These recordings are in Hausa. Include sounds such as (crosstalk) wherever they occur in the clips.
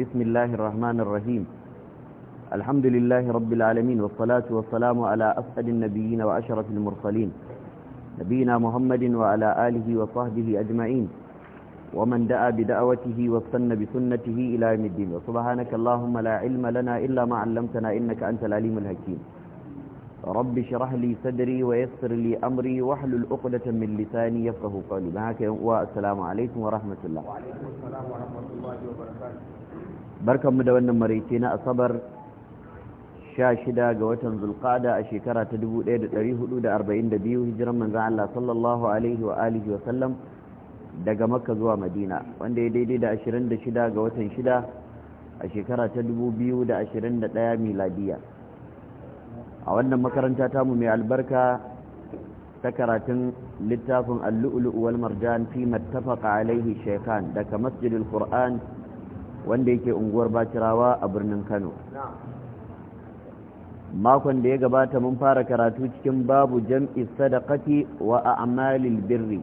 بسم الله الرحمن الرحيم الحمد لله رب العالمين والصلاة والسلام على أسعد النبيين وأشرف المرسلين نبينا محمد وعلى آله وصحبه أجمعين ومن دعا بدعوته واستنى بسنته إلى يوم الدين وسبحانك اللهم لا علم لنا إلا ما علمتنا إنك أنت العليم الحكيم رب شرح لي صدري ويسر لي أمري واحلل عقدة من لساني يفقه قولي معك والسلام عليكم ورحمة الله وعليكم barkanmu da wannan maraice na asabar 16 ga watan zulqada a shekara ta 1442 hijiran manzan Allah sallallahu alaihi wa alihi wa sallam daga makka zuwa madina wanda ya daidai da 26 ga watan 6 a shekara ta 2021 miladiya a wannan makaranta tamu mai albarka ta karatun littafin al-lu'lu' wal marjan fi mattafaqa alaihi shaykhan daga masjidil qur'an wanda yake unguwar bacirawa a birnin kano makon da ya gabata mun fara karatu cikin babu jam'i sadakati wa a'malil birri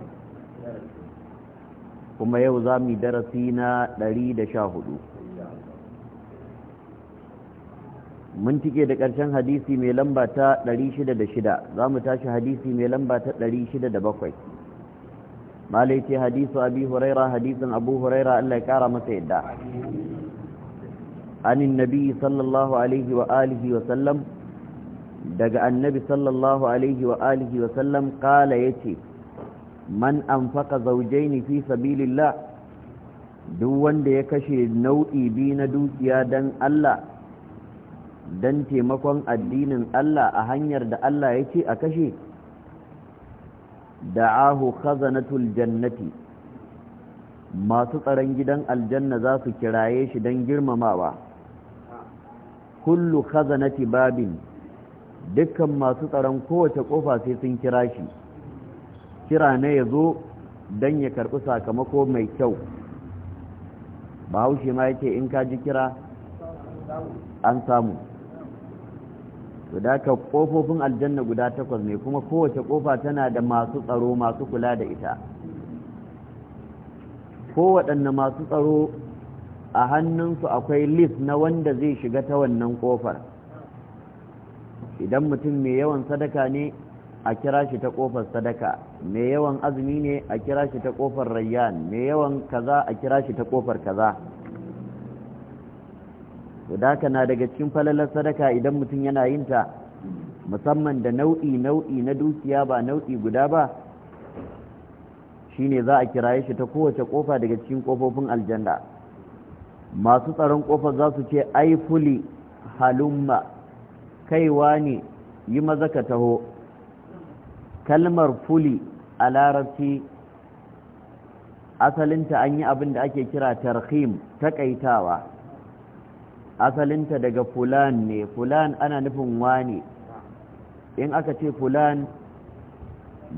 kuma yau za mu darasi na 114 mun cike da ƙarshen hadisi mai lamba ta 606 za mu tashi hadisi mai lamba ta 607 malai ce hadisu abi huraira hadisin abu huraira Allah ya kara masa yadda anin nabi sallallahu alaihi wa alihi wa sallam daga annabi sallallahu alaihi wa alihi wa sallam kala yace man anfaqa zawjaini fi sabilillah duk wanda ya kashe nau'i bi na dukiya dan Allah don taimakon addinin Allah a hanyar da Allah ya ce a kashe da'ahu khazanatul jannati masu tsaron gidan aljanna za su kiraye shi don girmamawa kullu khazanati babin dukkan masu tsaron kowace kofa sai sun kira shi kira na ya zo don ya karɓi sakamako mai kyau bahaushe ma yake in ka ji kira an samu Guda kofofin aljanna guda takwas ne kuma kowace ƙofa tana da masu tsaro masu kula da ita kowaɗanne masu tsaro a hannunsu akwai lis na wanda zai shiga ta wannan ƙofar. idan mutum mai yawan sadaka ne a kira shi ta kofar sadaka mai yawan azumi ne a kira shi ta kofar rayyan mai yawan kaza a kira shi ta kofar kaza to da haka na daga cikin falalar sadaka idan mutum yana yin ta musamman da nau'i nau'i na dukiya ba nau'i guda ba shine za a kiraye shi ta kowace kofa daga cikin kofofin aljanna masu tsaron kofar za su ce ai fuli halumma kaiwa ne yi maza ka taho kalmar fuli a larabci asalinta an yi abin da ake kira tarhim takaitawa asalinta daga fulan ne fulan ana nufin wane in aka ce fulan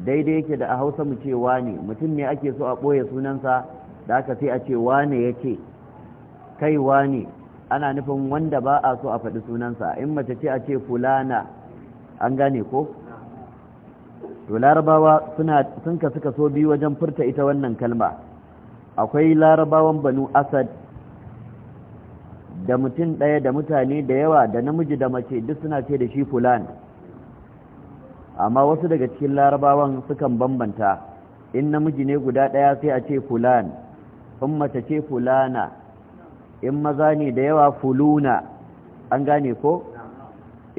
daidai yake da a hausa mu ce wane mutum ne ake so a ɓoye sunansa da aka sai a ce wane ya ce kai wane ana nufin wanda ba a so a faɗi sunansa in mace ce a ce fulana an gane ko to larabawa sun ka suka so biyu wajen furta ita wannan kalma akwai larabawan banu asad da mutum ɗaya da mutane da yawa da namiji da mace duk suna ce da shi fulan amma wasu daga cikin larabawan sukan bambanta in namiji ne guda ɗaya sai a ce fulan in mace ce fulana in maza ne da yawa fuluna an gane ko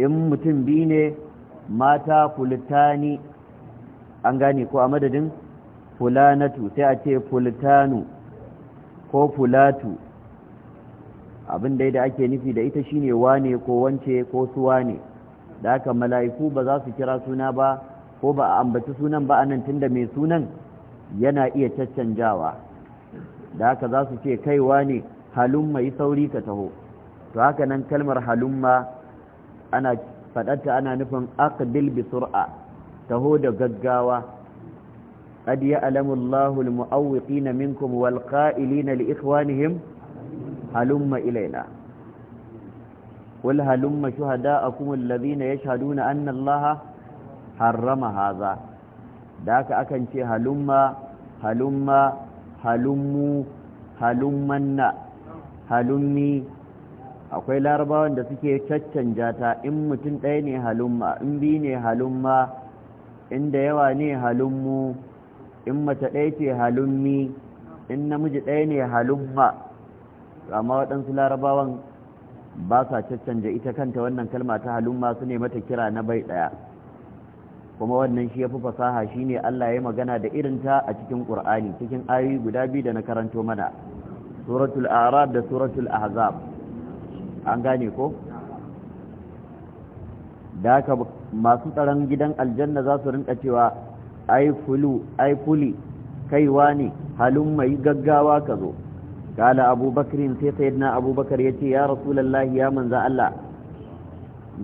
in mutum biyu ne mata fulutani, an gane ko a madadin fulanatu sai a ce fultanu ko fulatu abin dai da ake nufi da ita shine wane ko wance ko su wane da haka mala'iku ba za su kira suna ba ko ba a ambaci sunan ba anan tunda mai sunan yana iya caccanjawa da haka za su ce kai wane halumma yi sauri ka taho to haka nan kalmar halumma ana faɗata ana nufin aqdil bi sur'a taho da gaggawa qad ya'lamu Allahu al-mu'awwiqina minkum wal qa'ilina li ikhwanihim halumma ilaina wal halumma shuhada'akum alladhina yashhaduna anna allaha harrama hadha da haka akan ce halumma halumma halummu halummanna halummi akwai larabawan da suke caccanja ta in mutum ɗaya ne halumma in bi ne halumma in da yawa ne halummu in mace ɗaya ce halummi in namiji ɗaya ne halumma amma waɗansu larabawan ba sa caccanje ita kanta wannan kalma ta halumma su ne mata kira na bai ɗaya kuma wannan shi ya fi fasaha shi ne Allah ya magana da irin ta a cikin ƙur'ani cikin ayoyi guda biyu da na karanto mana suratul arab da suratul ahzab an gane ko da haka masu tsaron gidan aljanna za su rinka cewa ai fulu ai fuli kaiwa ne halumma yi gaggawa ka zo kala abubakar sai na abubakar ya ce ya rasulallahi ya manza Allah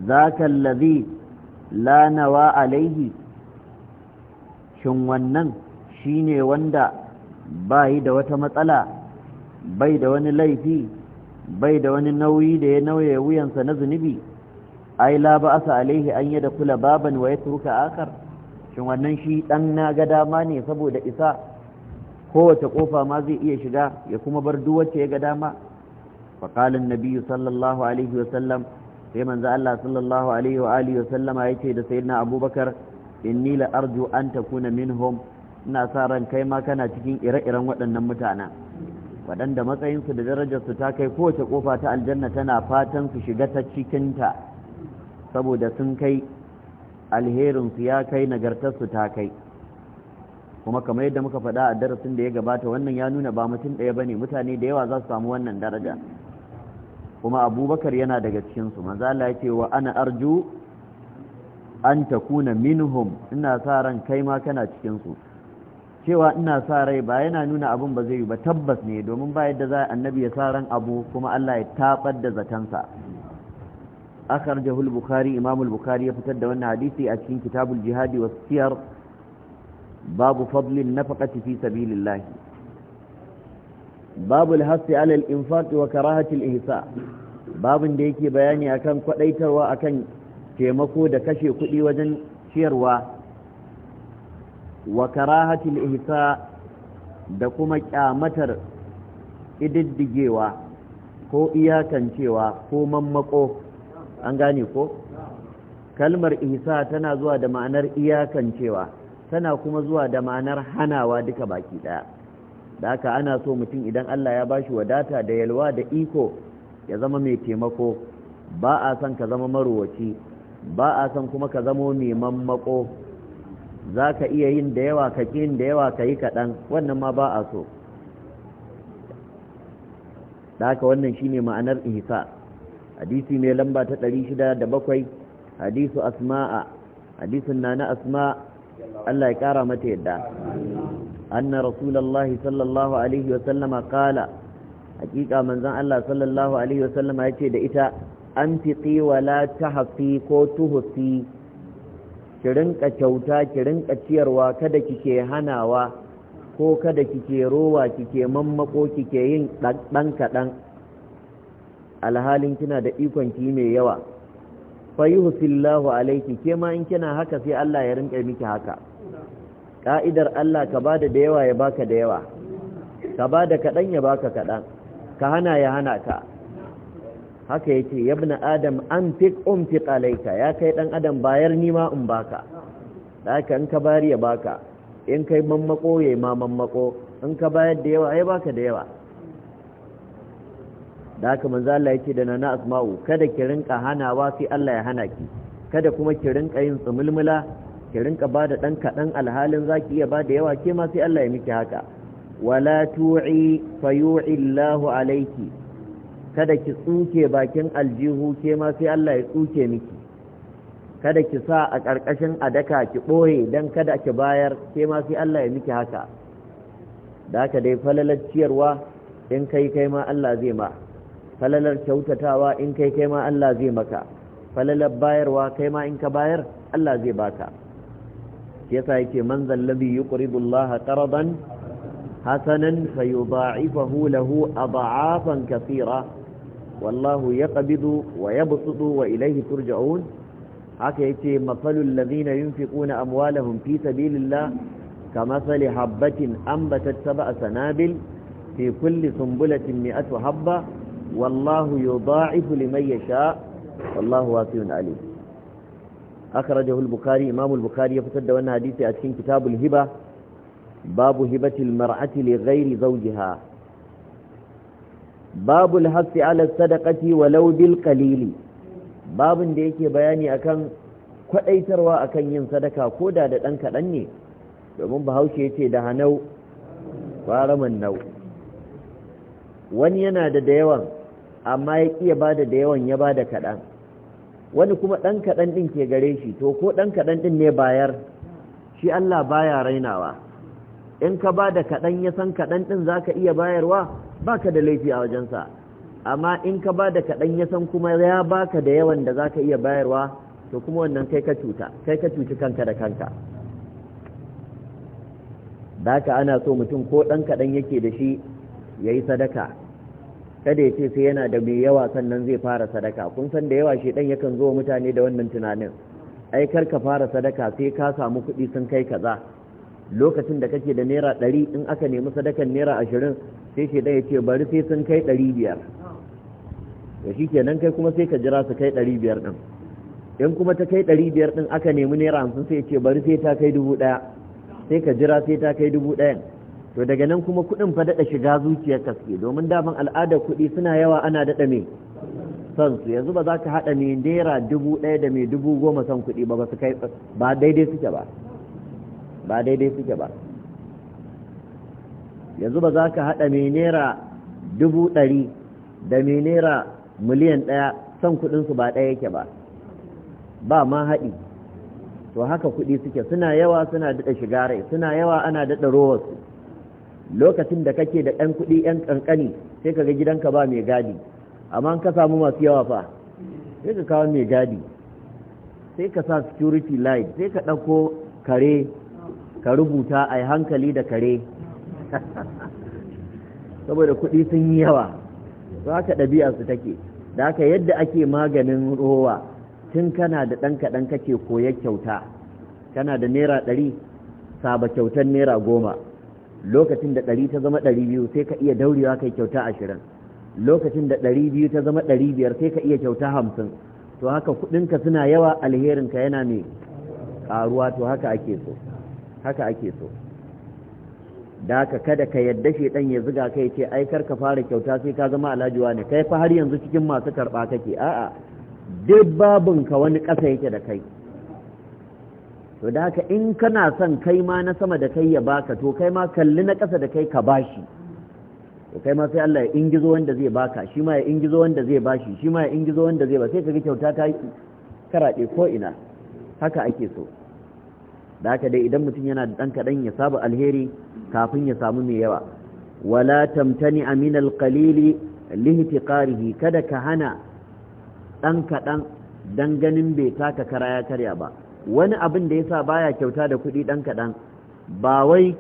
Za allazi la Lanawa alaihi shin wannan ne wanda bayi da wata matsala bai da wani laifi bai da wani nauyi da ya nauye wuyansa na zunubi ai la ba'asa alaihi an yadkhula baban wa yatruka akar shin wannan shi dan na ga dama ne saboda isa kowace kofa ma zai iya shiga ya kuma bar duwace ya ga dama faqalan nabiyyu sallallahu alaihi sai manzo Allah sallallahu alaihi wa alihi wa sallama yace da sayyidina Abubakar inni la arju an takuna minhum ina sa ran kai ma kana cikin ire-iren waɗannan mutanen waɗanda matsayinsu da darajarsu ta kai kowace kofa ta aljanna tana fatan su shiga ta cikinta saboda sun kai alherinsu ya kai nagartarsu ta kai kuma kamar yadda muka faɗa a darasin da ya gabata wannan ya nuna ba mutum ɗaya ne, mutane da yawa za su samu wannan daraja kuma abubakar yana daga cikinsu Maza Allah ya ce wa ana arju an takuna minhum ina sa ran kai ma kana cikinsu cewa ina sa rai ba yana nuna abin ba zai yi ba tabbas ne domin ba yadda za annabi ya sa ran abu kuma Allah ya tabar da zatansa akhrajahu al-bukhari imam al-bukhari ya fitar da wannan hadisi a cikin kitabul jihadi was siyar babu fadlin nafaqati fi sabilillah babu al-hasi ala al-infaq wa karahati al-ihsa babin da yake bayani akan kwadaitarwa akan taimako da kashe kuɗi wajen ciyarwa wa karahati al-ihsa da kuma kyamatar ididdigewa ko iyakancewa ko mammako an gane ko kalmar ihsa tana zuwa da ma'anar iyakancewa tana kuma zuwa da ma'anar hanawa duka baki daya da haka ana so mutum idan Allah ya bashi wadata da yalwa da iko ya zama mai taimako ba a son ka zama marowaci ba a son kuma ka zamo mai mako za ka iya yin da yawa ka da yawa ka yi kaɗan wannan ma ba a so da haka wannan shi ne ma'anar ihsa hadisi mai lamba ta 607 hadisu asma'a hadisin nana asma Allah ya kara mata yadda anna rasulullahi sallallahu alaihi wa sallama hakika manzon Allah sallallahu alaihi wa sallama yace da ita an anfiqi wa la tahfi ko tuhfi ki rinka kyauta ki rinka ciyarwa kada kike hanawa ko kada kike rowa kike mammako kike yin ɗan kaɗan. alhalin kina da ikon ki mai yawa fayuhsillahu alayki ke ma in kina haka sai Allah ya rinka miki haka ka'idar Allah ka bada da yawa ya baka da yawa ka bada kadan ya baka kaɗan, ka hana ya hana ka haka yace yabna adam um umfiq alayka ya kai dan adam bayar ni ma in baka haka in ka bayar ya baka in kai mammako yayi ma mammako in ka bayar da yawa ya baka da yawa da haka manzo Allah yake da nana asma'u kada ki rinka hanawa sai Allah ya hana ki kada kuma ki rinka yin tsumulmula ki rinka bada dan kadan alhalin zaki iya bada yawa ke ma sai Allah ya miki haka wala tu'i fayu'i Allahu alayki kada ki tsuke bakin aljihu ke ma sai Allah ya tsuke miki kada ki sa a ƙarƙashin adaka ki ɓoye dan kada ki bayar ke ma sai Allah ya miki haka da haka dai falalar ciyarwa in kai kai ma Allah zai ma falalar kyautatawa in kai kai ma Allah zai maka falalar bayarwa kai ma in ka bayar Allah zai baka yasa yake man zallabi yuqridu Allah qaradan hasanan fayudha'ifahu lahu adha'afan kathira wallahu yaqbidu wa yabsutu wa ilayhi turja'un haka yace mafalul ladina yunfiquna amwalahum fi sabilillah kamathali habatin anbatat sab'a sanabil fi kulli sunbulatin mi'atu habba والله يضاعف لمن يشاء والله واسع عليم أخرجه البخاري إمام البخاري يفتد وأن حديثي أتكين كتاب الهبة باب هبة المرأة لغير زوجها باب الحث على الصدقة ولو بالقليل babin da yake bayani akan kwadaitarwa akan yin sadaka ko da da ɗan kaɗan ne domin bahaushe ya ce da hanau faraman nau wani yana da da yawan amma ya ya ba da da yawan ya ba da kaɗan wani kuma ɗan kaɗan ɗin ke gare shi to ko ɗan kaɗan ɗin ne bayar shi Allah baya rainawa in ka ba da kaɗan ya san kaɗan ɗin za ka iya bayarwa ba ka da laifi a wajensa amma in ka ba da kaɗan ya san kuma ya baka da yawan da za ka iya bayarwa to kuma wannan kai ka cuta kai ka cuci kanka da kanka da ka ana so mutum ko ɗan kaɗan yake da shi ya yi sadaka kada ya ce sai yana da mai yawa sannan zai fara sadaka kun san da yawa shi dan yakan zo mutane da wannan tunanin ai kar ka fara sadaka sai ka samu kuɗi sun kai kaza lokacin da kake da naira ɗari in aka nemi sadakan naira ashirin sai shi ya ce bari sai sun kai ɗari biyar da shi kenan kai kuma sai ka jira su kai ɗari biyar ɗin in kuma ta kai ɗari biyar ɗin aka nemi naira hamsin sai ce bari sai ta kai dubu ɗaya sai ka jira sai ta kai dubu ɗayan to daga nan kuma kuɗin fa dada shiga zuciyar kaske domin daman al'adar kuɗi suna yawa ana daɗa me san su yanzu ba za ka haɗa mai naira dubu ɗaya da mai dubu goma son kuɗi ba ba su kai ba daidai suke ba ba daidai suke ba yanzu ba za ka haɗa mai naira dubu ɗari da mai naira miliyan ɗaya son kuɗinsu ba ɗaya yake ba ba ma haɗi to haka kuɗi suke suna yawa suna daɗa shiga rai suna yawa ana daɗa rowarsu lokacin da kake da ɗan kuɗi ɗan ƙanƙani sai ka ga gidanka ba mai gadi amma ka samu masu yawa fa sai ka kawo mai gadi sai ka sa security light sai ka ɗauko kare ka rubuta a hankali da kare (laughs) saboda kuɗi sun yi yawa to ka ɗabi'ar su take da haka yadda ake maganin rowa tun kana da ɗan kaɗan kake koyar kyauta kana da naira ɗari saba kyautar naira goma lokacin da ɗari ta zama ɗari biyu sai ka iya daurewa kai kyauta ashirin lokacin da ɗari biyu ta zama ɗari biyar sai ka iya kyauta hamsin to haka kuɗinka suna yawa alherinka yana mai ƙaruwa to haka ake so haka ake so da haka kada ka yadda shaidan ya zuga kai ce ai kar ka fara kyauta sai ka zama alhajiwa ne kai fa har yanzu cikin masu karɓa kake a'a duk babinka wani ƙasa yake da kai to da haka in kana son kai ma na sama da kai ya baka to kai ma kalli na ƙasa da kai ka bashi to kai ma sai Allah ya ingizo wanda zai baka shi ma ya ingizo wanda zai bashi shi ma ya ingizo wanda zai ba sai ka ga kyauta ta karaɗe ko ina haka ake so da haka dai idan mutum yana da ɗan kaɗan ya saba alheri kafin ya samu mai yawa wala tamtani amin alqalili lihtiqarihi kada ka hana ɗan kaɗan dan ganin bai taka kara ya karya ba wani abin da ya yasa baya kyauta da kuɗi ɗan kaɗan ba wai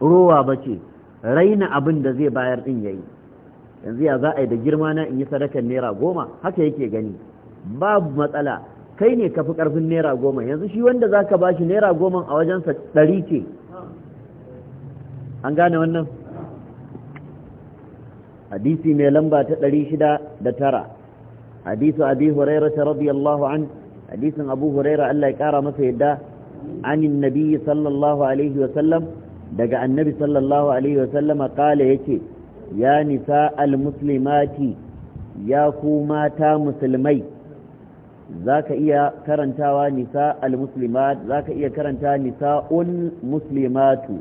rowa ba ce raina abin da zai bayar ɗin yi. yanzu ya za a yi da girma na in yi sadakar naira goma haka yake gani babu matsala kai ne ka fi ƙarfin naira goma yanzu shi wanda za ka shi naira goma a wajensa ɗari ce an gane wannan hadisi mai lamba ta ɗari shida da tara hadisu abi hurairata radiyallahu anhu hadisin abu huraira Allah ya kara masa yadda anin nabiyyi sallallahu alaihi wa daga annabi sallallahu alaihi wa sallam kala yace ya nisa al-muslimati ya ku mata musulmai za ka iya karantawa nisa al-muslimat za ka iya karanta nisa nisa'ul muslimatu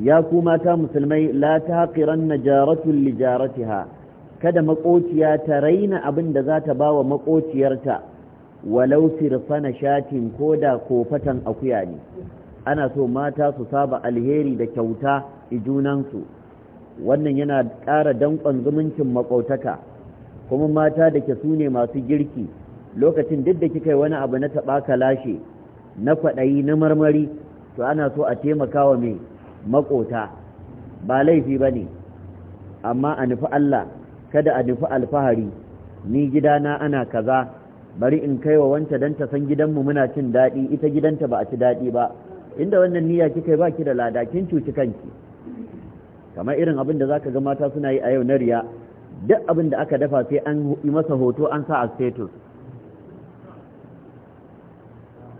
ya ku mata musulmai la taqiranna jaratun li jaratiha kada makociya ta raina abin da za ta ba wa makociyarta walau sirfana shatin ko da kofatan akuya ne ana so mata su saba alheri da kyauta junansu wannan yana ƙara danƙon zumuncin maƙotaka, kuma mata da ke ne masu girki lokacin duk da kika yi wani abu na taɓa lashe, na kwaɗayi na marmari to ana so a taimaka wa mai maƙota ba laifi ba ne amma a nufi Allah kada a nufi alfahari ni gidana ana kaza bari in kai wa wanta dan ta san gidanmu muna cin daɗi ita gidanta ba a ci daɗi ba inda wannan niyya kika ba ki da lada kin cuci kanki kamar irin abin da zaka ga mata suna yi a yau na riya duk abin da aka dafa sai an yi masa hoto an sa a status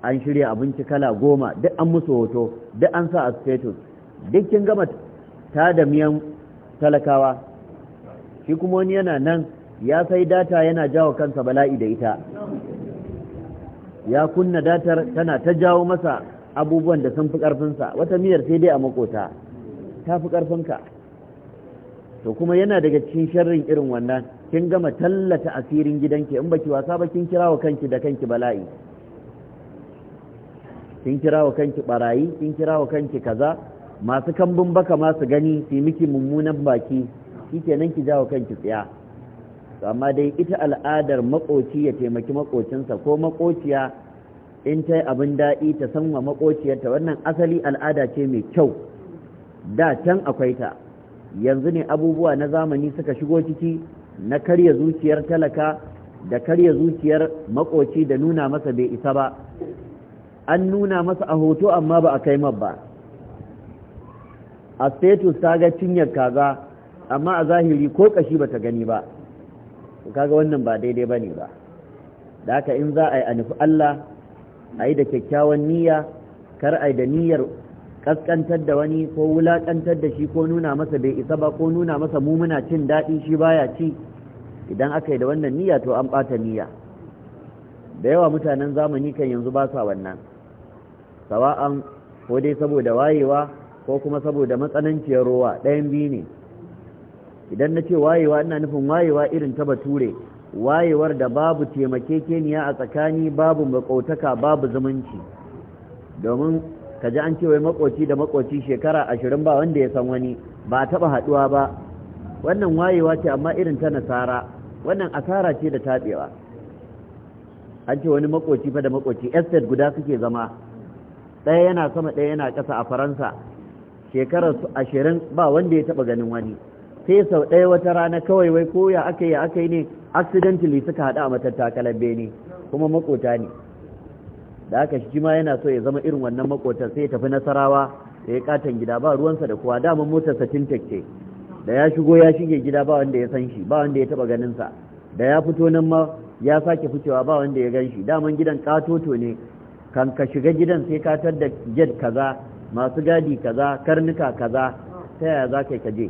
an shirya abinci kala goma duk an musu hoto duk an sa a status duk kin gama ta da miyan talakawa shi kuma wani yana nan ya sai data yana jawo kansa bala'i da ita ya kunna datar tana ta jawo masa abubuwan da sun fi ƙarfinsa wata miyar sai dai a makota ta fi ƙarfinka to kuma yana daga cikin sharrin irin wannan kin gama tallata asirin gidanki in baki wasa ba kin kirawo kanki da kanki bala'i kin kirawo kanki barayi kin kirawo kanki kaza masu kambun baka masu gani su miki mummunan baki shikenan ki jawo kanki tsiya to amma dai ita al'adar makoci ya taimaki makocinsa ko makociya in ta yi abin daɗi ta san wa makociyarta wannan asali al'ada ce mai kyau da can akwai ta yanzu ne abubuwa na zamani suka shigo ciki na karya zuciyar talaka da karya zuciyar makoci da nuna masa bai isa ba an nuna masa a hoto amma ba a kai ba a status ta ga cinyar kaza amma a zahiri ko kashi bata gani ba kaga wannan ba daidai bane ba da haka in za a yi Allah a yi da kyakkyawan niyya kar a yi da niyyar kaskantar da wani ko wulakantar da shi ko nuna masa bai isa ba ko nuna masa mumuna cin daɗi shi baya ci idan aka yi da wannan niyya to an ɓata niyya da yawa mutanen zamani kan yanzu ba sa wannan sawa'an ko dai saboda wayewa ko kuma saboda matsananciyar ruwa ɗayan biyu ne idan na ce wayewa ina nufin wayewa irin ta bature wayewar da babu taimakekeniya a tsakani babu makotaka babu zumunci domin ka ji an cewa makoci da makoci shekara ashirin ba wanda ya san wani ba a taɓa haɗuwa ba wannan wayewa ce amma irin ta nasara wannan asara ce da taɓewa an ce wani makoci fa da makoci estate guda suke zama ɗaya yana sama ɗaya yana ƙasa a faransa shekarar ashirin ba wanda ya taɓa ganin wani sai sau ɗaya wata rana kawai wai ko ya aka yi aka yi ne accidentally suka haɗu a matattakalar bene kuma makota ne da aka shi ma yana so ya zama irin wannan makotar sai ya tafi nasarawa ya yi katon gida ba ruwansa da kuwa damar motar sa tintek da ya shigo ya shige gida ba wanda ya san shi ba wanda ya taba ganin sa da ya fito nan ma ya sake fitowa ba wanda ya gan shi daman gidan katoto ne kan ka shiga gidan sai ka tar da jet kaza masu gadi kaza karnuka kaza ta yaya zaka ka je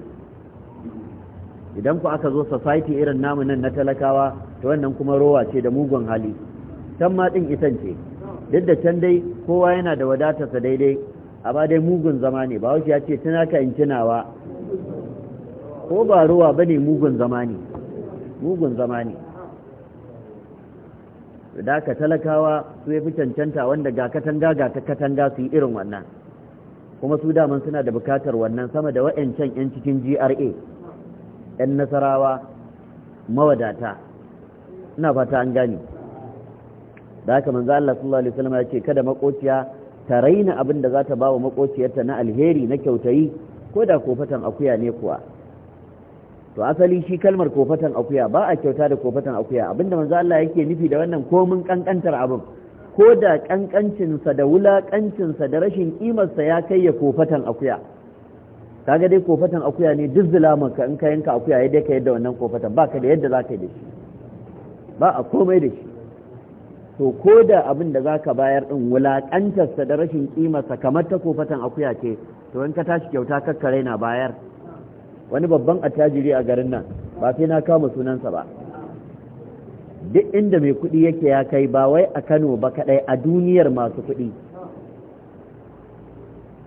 idan ku aka zo society irin namu nan na talakawa to wannan kuma rowa ce da mugun hali can ma ɗin isan ce duk da can dai kowa yana da wadatarsa daidai amma dai mugun zama ne ba ya ce tana ka in ko ba rowa ba ne mugun zama mugun zama da ka talakawa su ya fi cancanta wanda ga katanga ga ta katanga su yi irin wannan kuma su daman suna da bukatar wannan sama da wa'ancan 'yan cikin gra 'yan nasarawa mawadata ina fata an gani. da haka manzo Allah sallallahu alaihi wasallam ya ce kada makociya ta raina abin da za ba wa makociyarta na alheri na kyautayi ko da kofatan akuya ne kuwa to asali shi kalmar kofatan akuya ba a kyauta da kofatan akuya abinda manzo Allah yake nufi da wannan komin kankantar abin ko da kankancinsa da wulakancinsa da rashin ƙimarsa ya kai ya kofatan akuya ka ga dai kofatan akuya ne duk zulamanka in ka yanka akuya ya dai ka yadda wannan kofatan ba ka da yadda za ka yi da shi ba a komai da shi to ko da abin da za ka bayar ɗin wulaƙantarsa da rashin ƙimarsa kamar ta kofatan akuya ce to in ka tashi kyauta kakkare na bayar wani babban attajiri a garin nan ba sai na kama sunansa ba duk inda mai kuɗi yake ya kai ba wai a kano ba kaɗai a duniyar masu kuɗi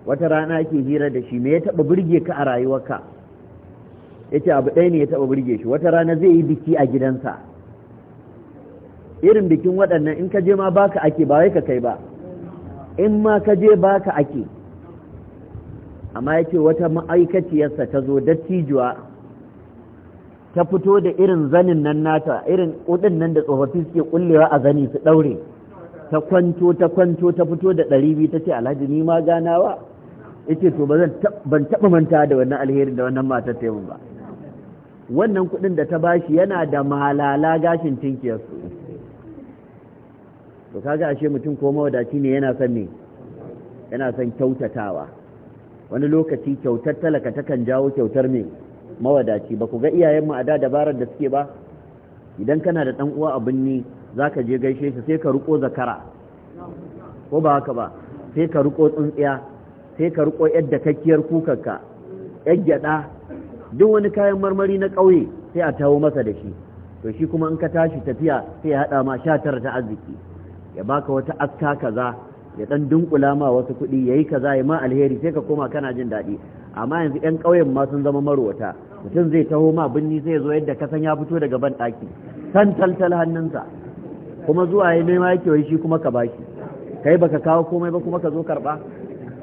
wata rana ake hira da shi me ya taba burge ka a rayuwarka yace abu ɗaya ne ya taba burge shi wata rana zai yi biki a gidansa irin bikin waɗannan in ka je ma baka ake ba wai ka kai ba in ma ka je baka ake amma yace wata ma'aikaciyarsa ta zo dattijuwa ta fito da irin zanin nan nata irin kudin nan da tsofaffi suke kullewa a zani su daure ta kwanto ta kwanto ta fito da ɗari biyu ta ce alhaji ni ma ganawa yake to ban taɓa manta da wannan alherin da wannan matar ta ba wannan kuɗin da ta bashi yana da malala gashin tinkiyarsu to kaga ashe mutum ko mawadaci ne yana son ne yana son kyautatawa wani lokaci kyautar talaka takan jawo kyautar mai mawadaci ba ku ga iyayenmu a da dabarar da suke ba idan kana da ɗan uwa abin ni za ka je gaishe shi sai ka ruko zakara ko ba haka ba sai ka riko tsuntsiya sai ka riko yadda kakkiyar kukarka yar gyaɗa duk wani kayan marmari na ƙauye sai a tawo masa da shi to shi kuma in ka tashi tafiya sai ya haɗa ma sha tara ta arziki ya baka wata aska kaza ya ɗan dunkula ma wasu kuɗi ya yi kaza ya ma alheri sai ka koma kana jin daɗi amma yanzu ƴan ƙauyen ma sun zama marwata mutum zai taho ma binni sai ya zo yadda kasan ya fito daga ban ɗaki san taltal hannunsa kuma zuwa ya nema yake wai shi kuma ka bashi kai baka kawo komai ba kuma ka zo karɓa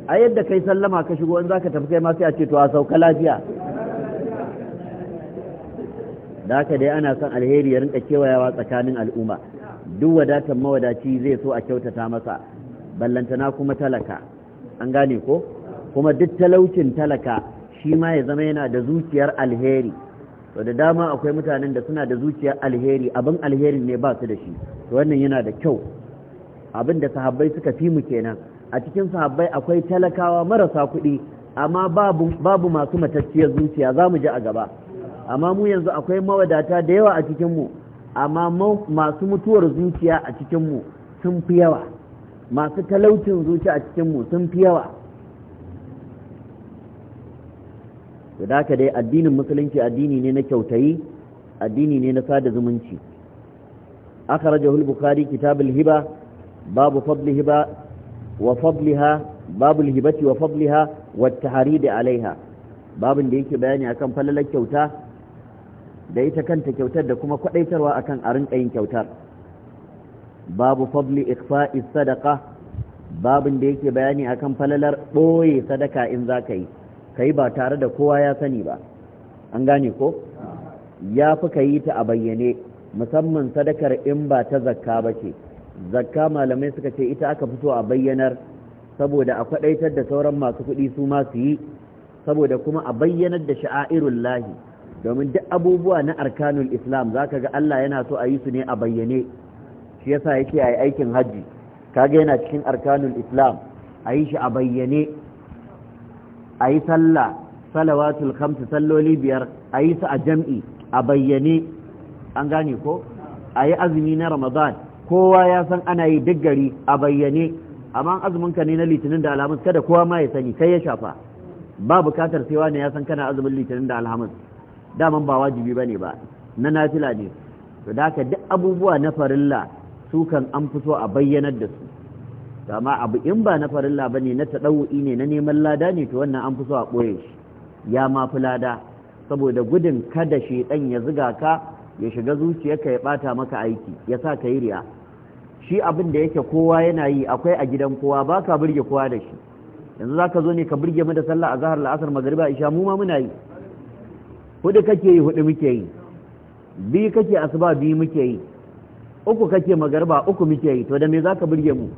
a yadda kai sallama ka shigo in zaka tafi kai ma sai a ce to a sauka lafiya da haka dai ana son alheri ya rinka kewayawa tsakanin al'umma duk wadatan mawadaci zai so a kyautata masa ballantana kuma talaka an gane ko kuma duk talaucin talaka shi ma ya zama yana da zuciyar alheri to da dama akwai mutanen da suna da zuciyar alheri abin alherin ne ba su da shi to wannan yana da kyau abin da sahabbai suka fi mu kenan a cikin sahabbai akwai talakawa marasa kuɗi amma babu masu matacciyar zuciya za mu ji a gaba amma mu yanzu akwai mawadata da yawa a cikinmu amma masu mutuwar zuciya a cikinmu sun fi yawa masu talaucin zuciya a cikinmu sun fi yawa da haka dai addinin musulunci addini ne na kyautayi addini ne na sada zumunci akhrajahu al-bukhari kitab al-hiba babu fadl hiba وفضلها باب الهبة وفضلها والتحريد عليها babin da yake bayani akan falalar kyauta da ita kanta kyautar da kuma kwadaitarwa akan a rinka kyautar babu fadli ikfa'i sadaqa babin da yake bayani akan falalar ɓoye sadaka in zaka yi kai ba tare da kowa ya sani ba an gane ko ya fi ka yi ta a bayyane musamman sadakar in ba ta zakka ba ce zakka malamai suka ce ita aka fito a bayyanar saboda a kwadaitar da sauran masu kuɗi su ma su yi saboda kuma a bayyanar da sha'airul lahi domin duk abubuwa na arkanul islam zaka ga Allah yana so a yi su ne a bayyane shi yasa yake a yi aikin hajji kaga yana cikin arkanul islam a yi shi a bayyane a yi sallah salawatul khamsu salloli biyar a yi su a jam'i a bayyane an gane ko a yi azumi na ramadan kowa ya san ana yi duk gari a bayyane amma azumin ka ne na litinin da alhamis kada kowa ma ya sani kai ya shafa ba bukatar sai wani ya san kana azumin litinin da alhamis daman ba wajibi bane ba na nafila ne to da haka duk abubuwa na farilla su kan an fito a bayyanar da su amma abu in ba na farilla bane na tadawu'i ne na neman lada ne to wannan an fito a ɓoye shi ya ma fi lada saboda gudun kada shedan ya zuga ka ya shiga zuciyarka ya bata maka aiki ya sa ka yi riya shi abin da yake kowa yana yi akwai a gidan kowa ba ka burge kowa da shi yanzu za ka zo ne ka burge mu da sallah a zahar la'asar magariba isha mu ma muna yi hudu kake yi hudu muke yi biyu kake asuba biyu muke yi uku kake magariba uku muke yi to da me za ka burge mu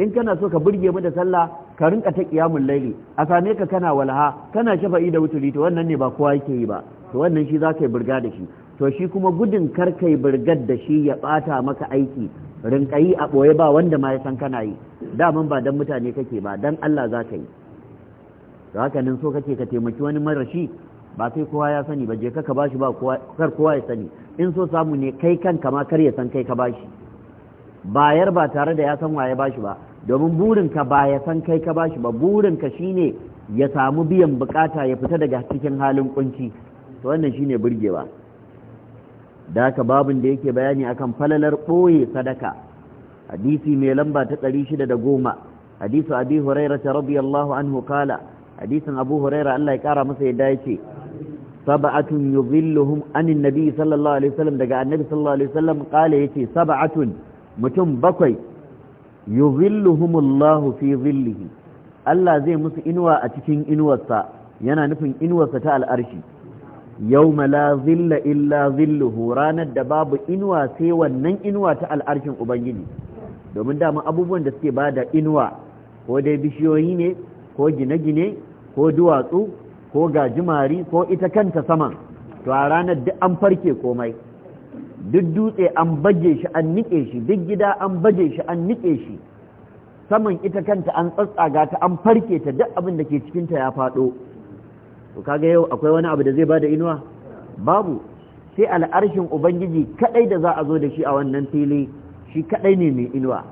in kana so ka burge mu da sallah ka rinka ta kiyamun laili a same ka kana walaha kana shafa'i da wuturi to wannan ne ba kowa yake yi ba to wannan shi za ka yi burga da shi to shi kuma gudun karkai birgar da shi ya bata maka aiki rinkayi a ɓoye ba wanda ma ya san kana yi daman ba don mutane kake ba don Allah za ka yi to haka nan so kake ka taimaki wani marashi ba sai kowa ya sani ba je ka ba shi ba kar kowa ya sani in so samu ne kai kanka ma kar ya san kai ka bashi bayar ba tare da ya san waye bashi ba domin burinka ba ya san kai ka bashi ba burin ka shine ya samu biyan bukata ya fita daga cikin halin kunci to wannan shine burgewa da haka babin da yake bayani akan falalar ɓoye sadaka hadisi mai lamba ta ɗari shida da goma hadisu abi huraira ta rabbi radiyallahu anhu kala hadisin abu huraira Allah ya ƙara masa yadda ya ce saba'atun yuzilluhum anin nabi sallallahu alaihi wasallam daga annabi sallallahu alaihi wasallam kala yace saba'atun mutum bakwai yuzilluhumullahu fi zillihi Allah zai musu inuwa a cikin inuwarsa yana nufin inuwarsa ta al'arshi Yau la zilla illa zilluhu ranar da babu inuwa sai wannan inuwa ta al'arshin ubangiji domin dama abubuwan da suke bada inuwa ko dai bishiyoyi ne ko gine-gine ko duwatsu ko gajimari ko ita kanta saman to a ranar duk an farke komai duk dutse an baje shi an nike shi duk gida an baje shi an nike shi saman ita kanta an tsatsaga ta an farke ta duk abin da ke cikinta ya faɗo to kaga yau akwai wani abu da zai bada inuwa babu sai al'arshin ubangiji kadai da za a zo da shi a wannan fili shi kadai ne mai inuwa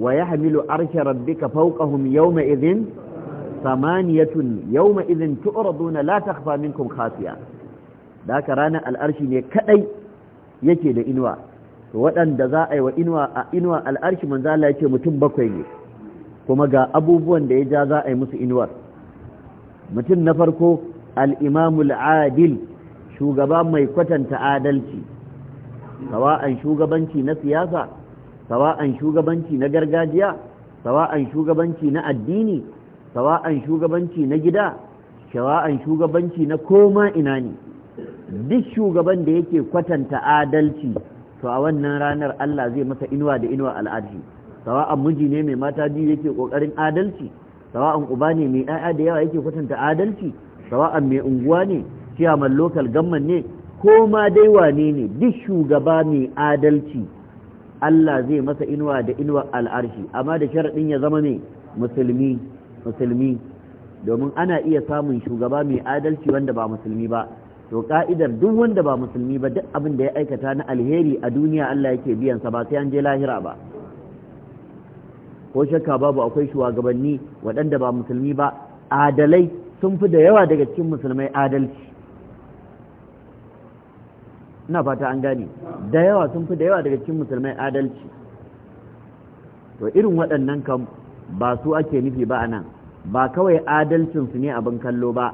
wa yahmilu arsha rabbika fawqahum yawma idhin samaniyatun yawma idhin tu'raduna la takhfa minkum khafiya da ka ranar al'arshi ne kadai yake da inuwa to waɗanda za a yi wa inuwa a inuwa al'arshi manzo Allah ya ce mutum bakwai ne kuma ga abubuwan da ya ja za a yi musu inuwar mutum na farko al'imamul adil shugaba mai kwatanta adalci sawa'an shugabanci na siyasa sawa'an shugabanci na gargajiya sawa'an shugabanci na addini sawa'an shugabanci na gida sawa'an shugabanci na koma ina ne duk shugaban da yake kwatanta adalci to a wannan ranar Allah zai masa inuwa da inuwa al'adshi sawa'an miji ne mai mata biyu yake kokarin adalci sawa'an uba ne mai 'ya'ya da yawa yake kwatanta adalci sawa'an mai unguwa ne ciyaman lokal gamman ne ko ma dai wane ne duk shugaba mai adalci Allah zai masa inuwa da inuwa al'arshi amma da sharaɗin ya zama ne musulmi musulmi domin ana iya samun shugaba mai adalci wanda ba musulmi ba to ka'idar duk wanda ba musulmi ba duk abin da ya aikata na alheri a duniya Allah yake biyan sa ba sai an je lahira ba ko shakka babu akwai shugabanni waɗanda ba musulmi ba adalai sun fi da yawa daga cikin musulmai adalci ina fata an gane da yawa sun fi da yawa daga cikin musulmai adalci to irin waɗannan kan ba su ake nufi ba a nan ba kawai adalcinsu ne abin kallo ba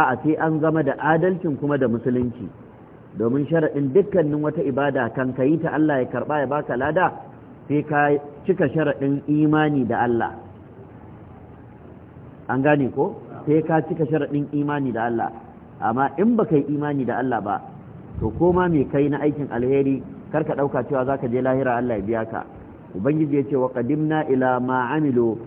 a'a sai an zama da adalcin kuma da musulunci domin sharaɗin dukkanin wata ibada kan ka yi ta Allah ya karɓa ya baka lada sai ka cika sharaɗin imani da Allah an gane ko sai ka cika sharaɗin imani da Allah amma in baka yi imani da Allah ba to koma me kai na aikin alheri kar ka ɗauka cewa za ka je lahira Allah ya biya ka ubangiji ya ce wa qadimna ila ma amilu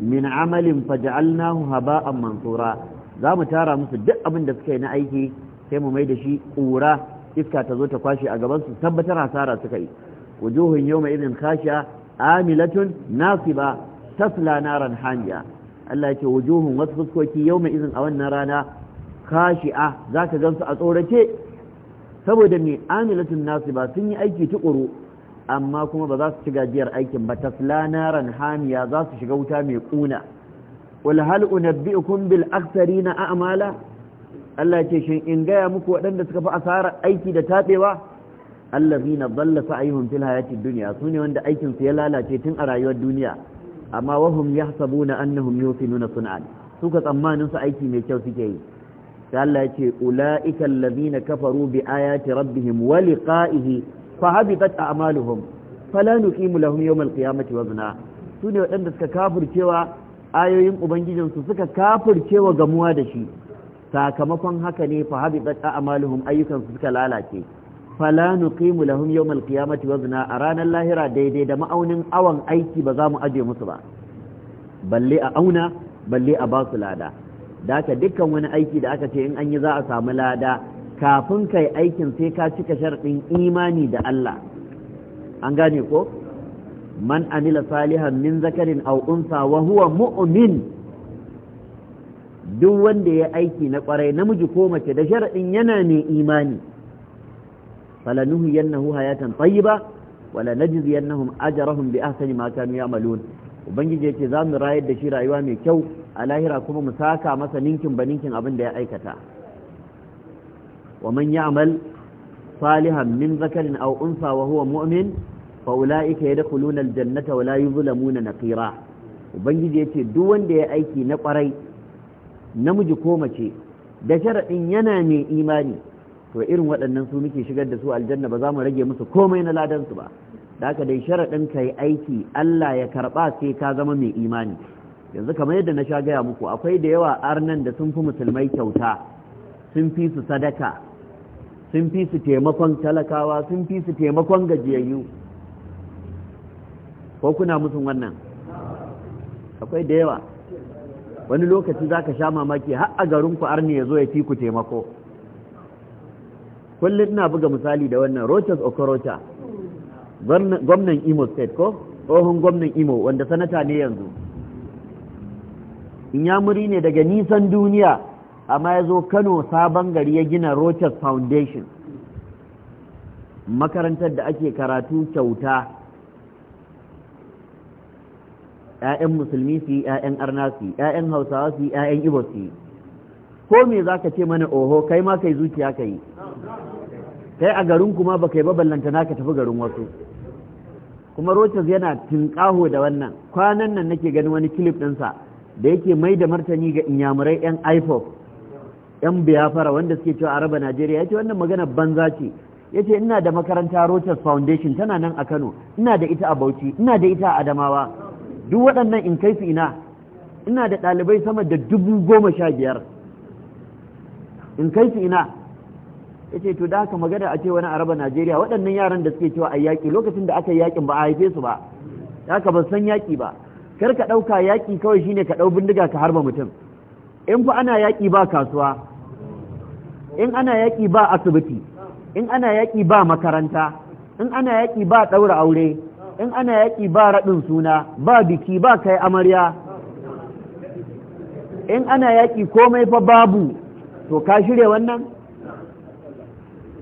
min amalin faj'alnahu haba'an mansura za mu tara musu duk abin da suka yi na aiki sai mu mai da shi ƙura iska ta zo ta kwashe a gaban su tabbatar hasara suka yi wujuhun yawma idin khashiya amilatun nasiba tasla naran hamiya Allah ce wujuhun wasu fuskoki yau mai izin a wannan rana kashi'a za ka su a tsorace saboda mai amilatun nasu ba sun yi aiki tukuru amma kuma ba za su ci gajiyar aikin ba tasla naran hamiya za su shiga wuta mai kuna wal hal unabbi'ukum bil aktharina a'mala Allah ce shin in gaya muku waɗanda suka fi asara aiki da tabewa allazina dalla sa'ihum fil hayati dunya sune wanda aikin su ya lalace tun a rayuwar duniya amma wahum yahsabuna annahum nuna sun'an suka tsammanin su aiki mai kyau suke yi sai Allah ya ce ulaika allazina kafaru bi ayati rabbihim wa liqa'ihi fa habitat a'maluhum fala nuqimu lahum yawm al-qiyamati wazna sune waɗanda suka kafircewa ayoyin ubangijinsu suka kafircewa gamuwa da shi sakamakon haka ne fa habitat a'maluhum ayyukansu suka lalace fala nuqimu lahum yawmal qiyamati wazna a ranar lahira daidai da ma'aunin awan aiki ba za mu aje musu ba balle a auna balle a basu lada da ka dukkan wani aiki da aka ce in an yi za a samu lada kafin kai aikin sai ka cika sharɗin imani da Allah an gane ko man amila salihan min zakarin aw unsa wa huwa mu'min duk wanda ya aiki na kwarai namiji ko mace da sharaɗin yana ne imani falanuhiyannahu hayatan tayyiba wala najziyannahum ajrahum bi ahsani ma kanu ya'malun ubangiji yace za mu rayar da shi rayuwa mai kyau a lahira kuma mu saka masa ninkin ba ninkin abin da ya aikata wa man ya'mal salihan min zakarin aw unsa wa huwa mu'min fa ulaika yadkhuluna aljannata wa la yuzlamuna naqira ubangiji yace duk wanda ya yi aiki na kwarai namiji ko mace da sharadin yana mai imani to irin waɗannan su muke shigar da su aljanna ba za mu rage musu komai na ladan su ba da haka dai sharaɗin ka yi aiki Allah ya karɓa sai ka zama mai imani yanzu kamar yadda na sha gaya muku akwai da yawa arnan da sun fi musulmai kyauta sun fi su sadaka sun fi su taimakon talakawa sun fi su taimakon gajiyayyu ko kuna musun wannan akwai da yawa wani lokaci za ka sha mamaki har a garinku arni ya zo ya fi ku taimako kullum na buga misali da wannan rochas okorocha gwamnan imo state ko tsohon gwamnan imo wanda sanata ne yanzu in ya muri ne daga nisan duniya amma ya zo kano sabon gari ya gina rochas foundation makarantar da ake karatu kyauta ‘ya'yan musulmi su yi ‘ya'yan arna ‘ya'yan hausawa su yi ‘ya'yan ibo su yi ko me za ka ce mana oho kai ma kai zuciya ka yi kai a garin kuma baka yi baballanta naka tafi garin wasu kuma rochas yana tinkaho da wannan kwanan nan nake ganin wani kilif ɗinsa da yake mai da martani ga inyamurai 'yan ipop 'yan biyafara wanda suke cewa araba najeriya ya ce wannan magana banza ce ya ce ina da makaranta rochas foundation tana nan a kano ina da ita a bauchi ina da ita a adamawa duk waɗannan in kai su ina ina da ɗalibai sama da dubu goma sha biyar in kai su ina yace to da haka magana a ce wani araba Najeriya waɗannan yaran da suke cewa a yaƙi lokacin da aka yi yaƙin ba a haife su ba haka ba san yaƙi ba kar ka ɗauka yaƙi kawai shine ka ɗau bindiga ka harba mutum in fa ana yaƙi ba kasuwa in ana yaƙi ba asibiti in ana yaƙi ba makaranta in ana yaƙi ba ɗaura aure in ana yaƙi ba raɗin suna ba biki ba kai amarya in ana yaƙi komai fa babu to ka shirya wannan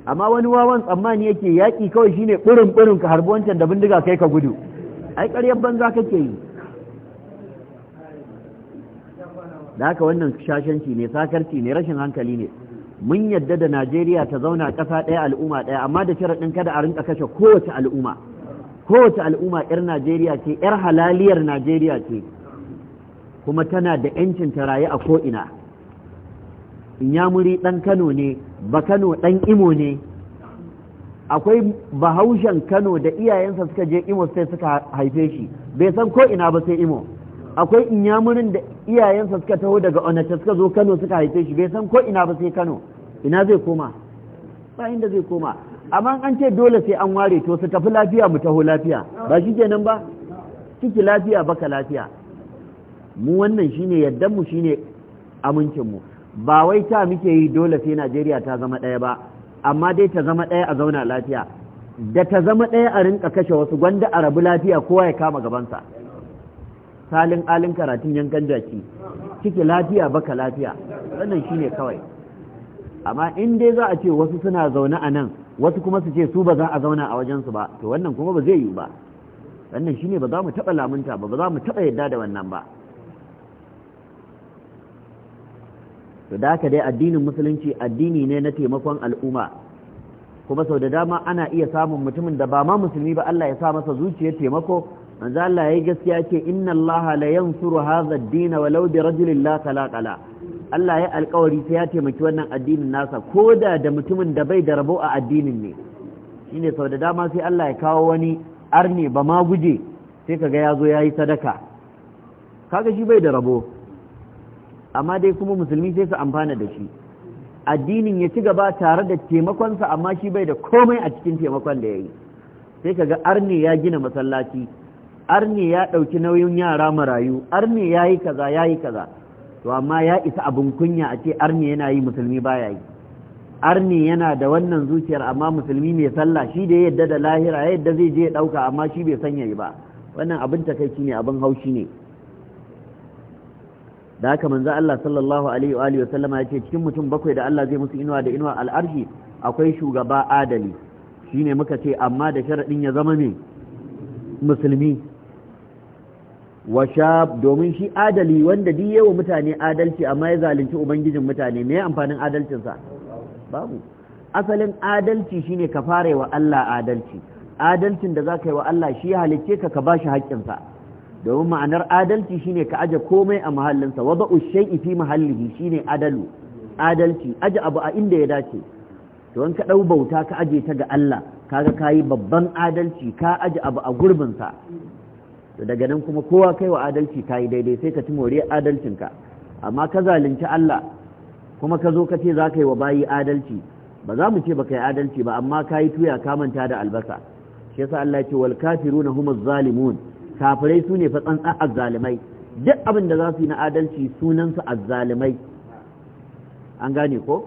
amma wani wawan tsammani yake yaƙi kawai shine ɓurin ɓurin ka harbi wancan da bindiga kai ka gudu ai ƙaryar banza kake yi da haka wannan shashanci ne sakarci ne rashin hankali ne mun yadda da najeriya ta zauna ƙasa ɗaya al'umma ɗaya amma da ɗin kada a rinka kashe kowace al'umma kowace al'umma 'yar najeriya ce 'yar halaliyar najeriya ce kuma tana da 'yancin ta rayu a ko'ina inyamuri ɗan kano ne ba kano ɗan imo ne akwai bahaushen kano da iyayensa suka je imo sai suka haife shi bai san ko ina ba sai imo akwai inyamurin da iyayensa suka taho daga onace suka zo kano suka haife shi bai san ko ina ba sai kano ina zai koma ba inda zai koma amma an ce dole sai an ware to su tafi lafiya mu taho lafiya ba shi kenan ba ciki lafiya baka lafiya mu wannan shine yaddan mu shine amincin mu ba wai ta muke yi dole sai Najeriya ta zama ɗaya ba amma dai ta zama ɗaya a zauna lafiya da ta zama ɗaya a rinka kashe wasu gwanda a rabu lafiya kowa ya kama gabansa salin alin karatun yankan jaki ciki lafiya baka lafiya wannan shine kawai amma in dai za a ce wasu suna zaune a nan wasu kuma su ce su ba za a zauna a wajensu ba to wannan kuma ba zai yiwu ba wannan shine ba za mu taɓa lamunta ba ba za mu taɓa yadda da wannan ba to da haka dai addinin musulunci addini ne na taimakon al'umma kuma sau da dama ana iya samun mutumin da ba ma musulmi ba Allah ya sa masa zuciyar taimako manzo Allah yayi gaskiya ce inna Allah la yansuru hadha ad-din walau bi rajulin la talaqala Allah ya alƙawari sai ya taimaki wannan addinin nasa koda da mutumin da bai da rabo a addinin ne shine sau da dama sai Allah ya kawo wani arne ba ma guje sai kaga ya zo yayi sadaka kaga shi bai da rabo amma dai kuma musulmi sai su amfana da shi addinin ya ci gaba tare da taimakonsa amma shi bai da komai a cikin taimakon da ya yi sai kaga arne ya gina masallaci arne ya ɗauki nauyin yara marayu arne ya yi kaza ya yi kaza to amma ya isa abin kunya a ce arne yana yi musulmi baya yi arne yana da wannan zuciyar amma musulmi mai sallah shi da yadda da lahira yadda zai je ya ɗauka amma shi bai sanya yi ba wannan abin takaici ne abin haushi ne da haka manzo Allah sallallahu alaihi wa alihi wasallama yace cikin mutum bakwai da Allah zai musu inuwa da inuwa al'arshi akwai shugaba adali shine muka ce amma da sharadin ya zama ne musulmi wa shab domin shi adali wanda duk yawa mutane adalci amma ya zalunci ubangijin mutane me amfanin adalcinsa babu asalin adalci shine ka fara wa Allah adalci adalcin da zaka yi wa Allah shi halicce ka ka bashi haƙƙinsa domin ma'anar adalci shine ka aje komai a mahallinsa wa ba'u shay'i fi mahallihi shine adalu adalci aje abu a inda ya dace to in ka dau bauta ka aje ta ga Allah kaga kayi babban adalci ka aje abu a gurbin sa to daga nan kuma kowa kai wa adalci kayi daidai sai ka ci adalcin ka, amma ka zalunci Allah kuma ka zo ka ce za ka yi wa bayi adalci ba za mu ce ba ka yi adalci ba amma kayi tuya ka manta da albasa shi yasa Allah ya ce wal kafiruna humuz zalimun kafirai su ne fa tsantsan azzalimai duk abin da za su yi na adalci sunansu azzalimai an gane ko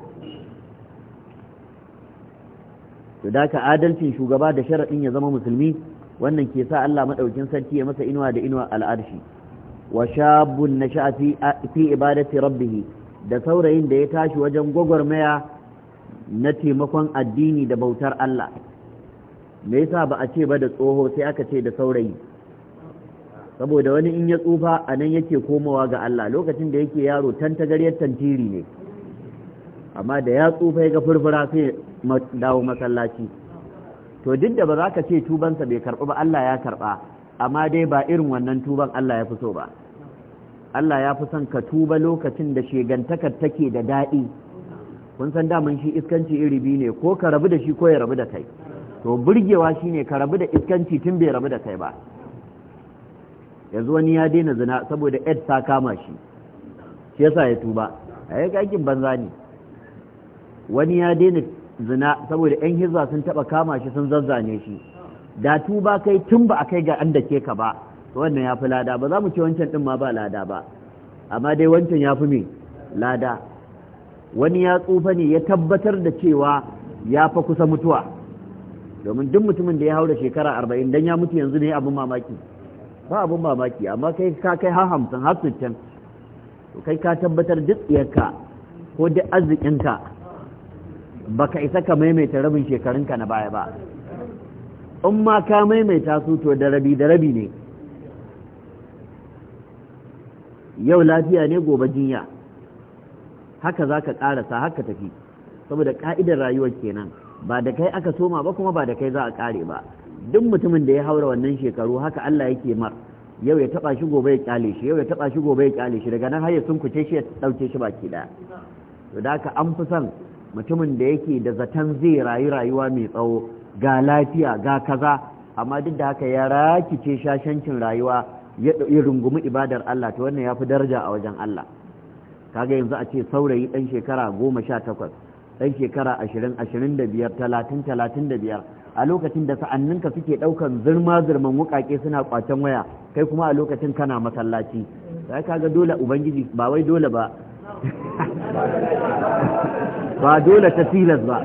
to da ka adalcin shugaba da sharaɗin ya zama musulmi wannan ke sa Allah madaukin sarki ya masa inuwa da inuwa al'arshi wa shabun nasha'a fi ibadati rabbih da saurayin da ya tashi wajen gwagwarmaya na taimakon addini da bautar Allah me yasa ba a ce ba da tsoho sai aka ce da saurayi saboda wani in ya tsufa a nan yake komowa ga Allah lokacin da yake yaro tantagaryar tantiri ne amma da ya tsufa ya ga furfura sai dawo masallaci to duk da ba za ka ce tubansa bai karɓi ba Allah ya karɓa amma dai ba irin wannan tuban Allah ya fi so ba Allah ya fi son ka tuba lokacin da shegantakar take da daɗi kun san daman shi iskanci iri biyu ne ko ka rabu da shi ko ya rabu da kai to burgewa shine ka rabu da iskanci tun bai rabu da kai ba yanzu wani ya daina zina saboda ed ta kama shi shi yasa ya tuba a yi aikin banza ne wani ya daina zina saboda yan hizba sun taba kama shi sun zazzane shi da tuba kai tun ba a kai ga an da ke ka ba wannan ya fi lada ba za mu ce wancan din ma ba lada ba amma dai wancan ya fi me lada wani ya tsufa ne ya tabbatar da cewa ya fa kusa mutuwa domin duk mutumin da ya hau da shekara arba'in dan ya mutu yanzu ne abin mamaki ba abin mamaki amma kai ka kai har hamsin har sittin to kai ka tabbatar duk tsiyarka ko duk arzikinka baka isa ka maimaita rabin shekarunka na baya ba in ma ka maimaita su to da rabi da rabi ne yau lafiya ne gobe jinya haka za ka ƙarasa haka tafi saboda ƙa'idar rayuwar kenan ba da kai aka soma ba kuma ba da kai za a ƙare ba duk mutumin da ya haura wannan shekaru haka Allah yake mar yau ya taba shi gobe ya kyale shi yau ya taba shi gobe ya kyale shi daga nan har ya sunkuce shi ya dauke shi baki daya to da haka an fi son mutumin da yake da zaton zai rayu rayuwa mai tsawo ga lafiya ga kaza amma duk da haka ya rakice shashancin rayuwa ya rungumi ibadar Allah to wannan ya fi daraja a wajen Allah kaga yanzu a ce saurayi dan shekara goma sha takwas ɗan shekara ashirin ashirin da biyar talatin talatin da biyar a lokacin da sa'anninka suke ɗaukan zirma zirman wukake suna kwacen waya kai kuma a lokacin kana masallaci sai kaga dole ubangiji ba wai dole ba (laughs) ba dole ta tilas ba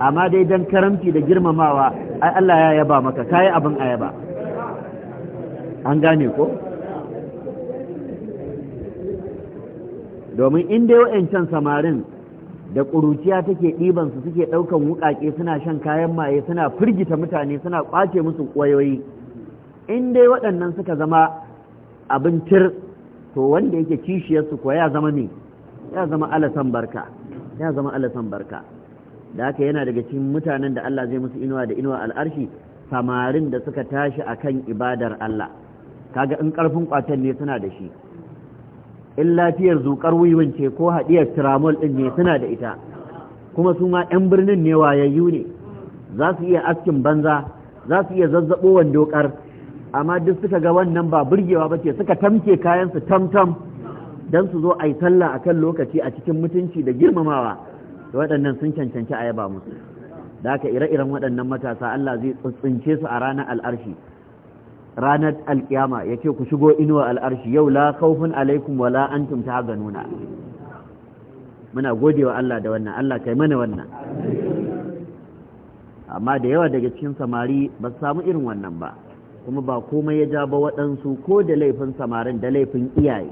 amma dai dan karamci da girmamawa ai Allah ya yaba maka kai abin ayaba an gane ko domin in dai wa'ancan samarin da ƙuruciya take ɗibansu suke ɗaukan wuƙaƙe suna shan kayan maye suna firgita mutane suna ƙwace musu ƙwayoyi in dai waɗannan suka zama abin tir to wanda yake kishiyarsu kuwa ya zama ne ya zama alasan barka ya zama alasan barka da haka yana daga cikin mutanen da Allah zai musu inuwa da inuwa al'arshi samarin da suka tashi akan ibadar Allah kaga in ƙarfin ƙwatan ne suna da shi in lafiyar zuƙar wiwin ce ko haɗiyar tiramol ɗin ne suna da ita kuma su ma 'yan birnin ne wayayyu ne za su iya askin banza za su iya zazzaɓo dokar, amma duk suka ga wannan ba burgewa ba ce suka tamke kayansu tamtam don su zo a yi sallah a kan lokaci a cikin mutunci da girmamawa waɗannan sun cancanci a yaba musu da haka ire-iren waɗannan matasa Allah zai tsince su a ranar al'arshi ranar alkiyama ya ce ku shigo inuwa al'arshi yau la kaufin alaikum wa la antum nuna muna godewa Allah da wannan Allah kai mana wannan amma da yawa daga cikin samari ba su samu irin wannan ba kuma ba komai ya ja ba waɗansu ko da laifin samarin da laifin iyaye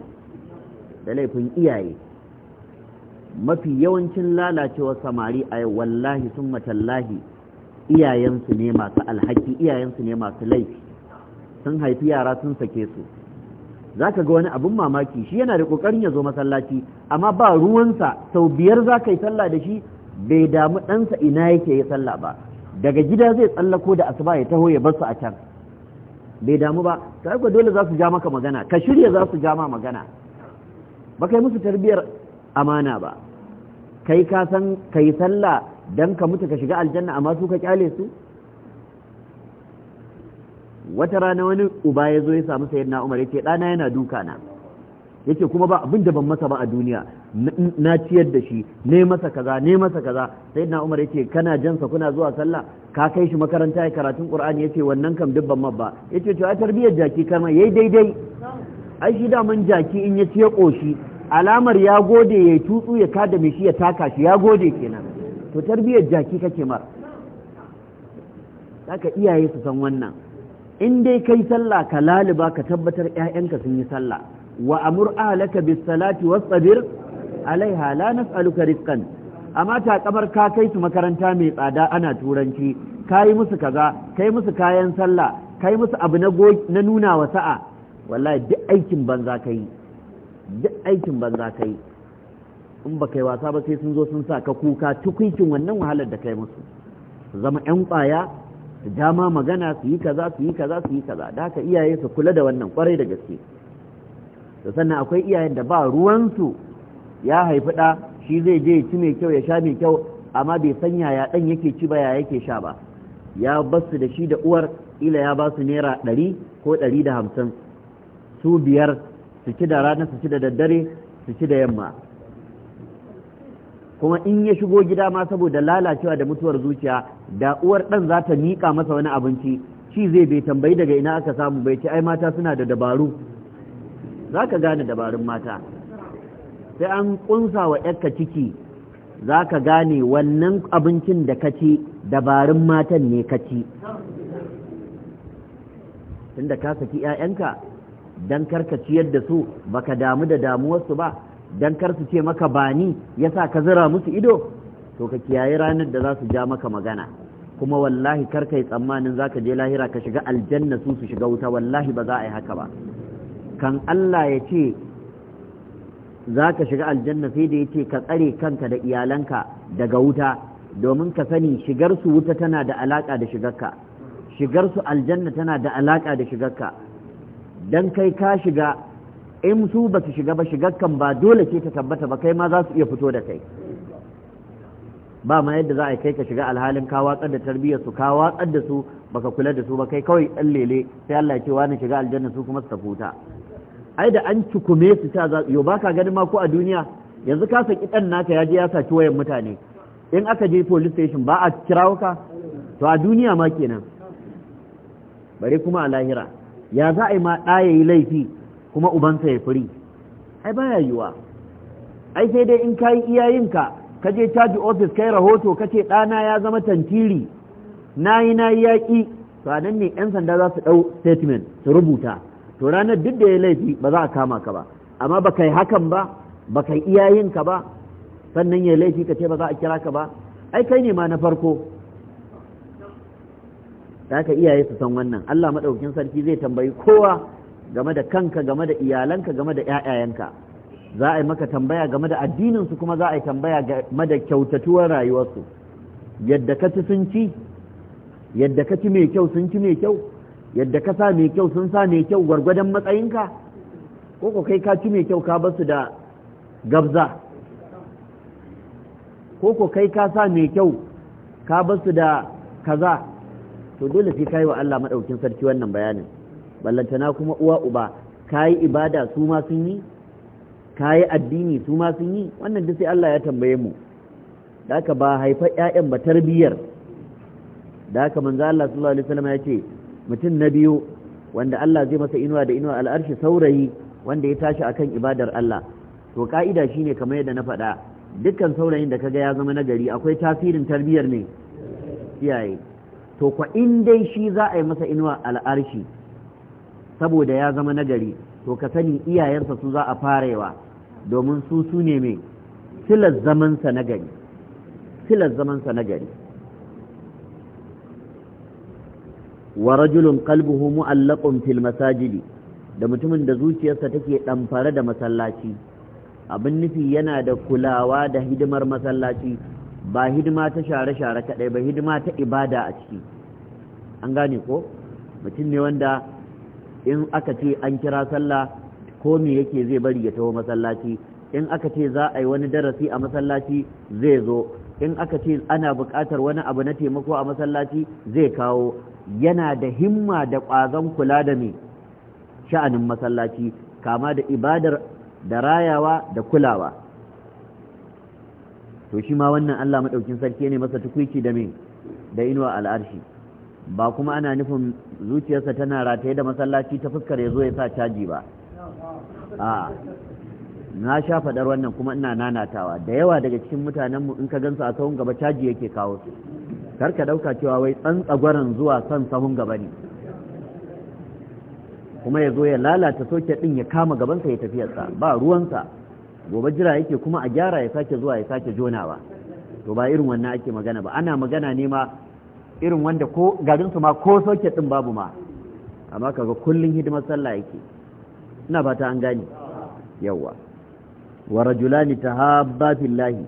da laifin iyaye mafi yawancin lalacewar samari a yau wallahi sun matallahi iyayensu ne masu alhaki iyayensu ne masu laifi sun haifi yara sun sake su za ka ga wani abin mamaki shi yana da ƙoƙarin ya zo masallaci amma ba ruwansa sau biyar za ka yi sallah da shi bai damu ɗansa ina yake ya sallah ba daga gida zai tsallako da asuba ya taho ya barsu a can bai damu ba ta ku dole za su ja maka magana ka shirya za su ja ma magana ba kai musu tarbiyar amana ba kai ka san ka yi sallah don ka mutu ka shiga aljanna amma su ka kyale su wata rana wani uba ya zo ya samu na umar yace ɗana yana duka na yake kuma ba abin da ban masa ba a duniya na ciyar da shi ne masa kaza ne masa kaza na umar yake kana jansa kuna zuwa sallah ka kai shi makaranta ya karatun qur'ani yace wannan kam dubban mabba yace to a tarbiyyar jaki kama yayi daidai ai shi da mun jaki in ya ci ya koshi alamar ya gode ya tutsu ya kada mai shi ya taka shi ya gode kenan to tarbiyyar jaki kake mar zaka iyaye su san wannan in dai kai sallah ka laliba ka tabbatar ƴaƴanka sun yi sallah wa amur ahlaka bis salati sabir alaiha la nas'aluka rizqan amma ta kamar ka kai su makaranta mai tsada ana turanci kai musu kaza kai musu kayan sallah kai musu abu na na nuna wa sa'a wallahi duk aikin banza kai duk aikin banza kai in ba kai wasa ba sai sun zo sun sa ka kuka tukuncin wannan wahalar da kai musu zama ƴan kwaya. su jama magana su yi kaza su yi kaza su yi kaza da haka iyaye su kula da wannan kwarai da gaske to sannan akwai iyayen da ba ruwansu ya haifi ɗa shi zai je ci mai kyau ya sha mai kyau amma bai san yaya ɗan yake ci ba ya yake sha ba ya basu da shi da uwar ila ya basu naira ɗari ko ɗari da hamsin su biyar su ci da rana su ci da daddare su ci da yamma kuma in ya shigo gida ma saboda lalacewa da mutuwar zuciya da uwar ɗan za ta miƙa masa wani abinci shi zai bai tambayi daga ina aka samu bai ce ai mata suna da dabaru za ka gane dabarun mata sai an ƙunsa wa ‘yarka ciki za ka gane wannan abincin da ka ci dabarun matan ne ka ci tunda ka saki ‘ya'yanka don karka ciyar da su baka damu da damuwarsu ba dan kar su ce maka bani yasa ka zira musu ido to ka kiyaye ranar da za su ja maka magana kuma wallahi kar kai tsammanin za ka je lahira ka shiga aljanna su su shiga wuta wallahi ba za a yi haka ba kan Allah ya ce za ka shiga aljanna sai da ya ce ka tsare kanka da iyalanka daga wuta domin ka sani shigar su wuta tana da alaƙa da shigarka shigar su aljanna tana da alaka da shigarka don kai ka shiga in su ba su shiga ba kan ba dole ce ta tabbata ba kai ma za su iya fito da kai ba ma yadda za a kai ka shiga alhalin ka watsar da tarbiyyar su ka watsar da su baka kula da su ba kai kawai dan lele sai Allah ya ce wani shiga aljanna su kuma su tafuta ai da an cikume su ta za yo baka ganin ma ko a duniya yanzu ka saki dan naka ya je ya saci wayan mutane in aka je police station ba a kirawo ka to a duniya ma kenan bare kuma a lahira ya za a yi ma ɗaya yi laifi kuma ubansa ya firi ai ba ya yiwa ai sai dai in kayi iyayenka ka je caji ofis kai rahoto kace ce ɗana ya zama tantiri na yi na yaƙi to a ne 'yan sanda za su ɗau statement su rubuta to ranar duk da ya laifi ba za a kama ka ba amma ba kai hakan ba ba kai iyayenka ba sannan ya laifi ka ce ba za a kira ka ba ai kai ne ma na farko da aka iyaye su san wannan Allah maɗaukin sarki zai tambayi kowa game da kanka game da iyalanka game da ƴaƴayenka za a yi maka tambaya game da addininsu kuma za a yi tambaya game da kyautatuwar rayuwarsu yadda ka ci sun ci yadda ka ci mai kyau sun ci mai kyau yadda ka sa mai kyau sun sa mai kyau gwargwadon matsayinka ko ko kai ka ci mai kyau ka basu da gabza ko ko kai ka sa mai kyau ka basu da kaza to dole sai kai wa Allah madaukin sarki wannan bayanin ballantana kuma uwa uba ka yi ibada su ma sun yi ka yi addini su ma sun yi wannan duk sai Allah ya tambaye mu da ka ba haifar ƴaƴan ba tarbiyyar da haka manzo Allah sallallahu alaihi wasallam ya ce mutum na biyu wanda Allah zai masa inuwa da inuwa al'arshi saurayi wanda ya tashi akan ibadar Allah to ka'ida shine kamar yadda na faɗa dukkan saurayin da kaga ya zama nagari akwai tasirin tarbiyyar ne iyaye to kwa in dai shi za a yi masa inuwa al'arshi saboda ya zama nagari to ka sani iyayensa su za a farewa domin su su ne mai silar zamansa nagari silar zamansa nagari wa rajulun qalbuhu mu'allaqun fil masajidi da mutumin da zuciyarsa take ɗamfare da masallaci abin nufi yana da kulawa da hidimar masallaci ba hidima ta share-share kaɗai ba hidima ta ibada a ciki an gane ko mutum ne wanda in aka ce an kira sallah ko me yake zai bari ya taho masallaci in aka ce za a yi wani darasi a masallaci zai zo in aka ce ana buƙatar wani abu na taimako a masallaci zai kawo yana da himma da ƙwazon kula da me sha'anin masallaci kama da ibadar da rayawa da kulawa to shi ma wannan Allah maɗaukin sarki ne masa tukwici da me da inuwa al'arshi ba kuma ana nufin zuciyarsa tana rataye da masallaci ta fuskar ya zo ya sa caji ba a na sha faɗar wannan kuma ina nanatawa da yawa daga cikin mutanenmu in ka gansu a sahun gaba caji yake kawo su kar ka ɗauka cewa wai tsantsagwaron zuwa son sahun gaba ne kuma ya zo ya lalata soket ɗin ya kama gabansa ya tafiyarsa ba ruwansa gobe jira yake kuma a gyara ya sake zuwa ya sake jonawa to ba irin wannan ake magana ba ana magana ne ma irin wanda ko garin ma ko soket ɗin babu ma amma kaga kullun hidimar sallah yake ina fata an gane yawa wa rajulani tahabba fillahi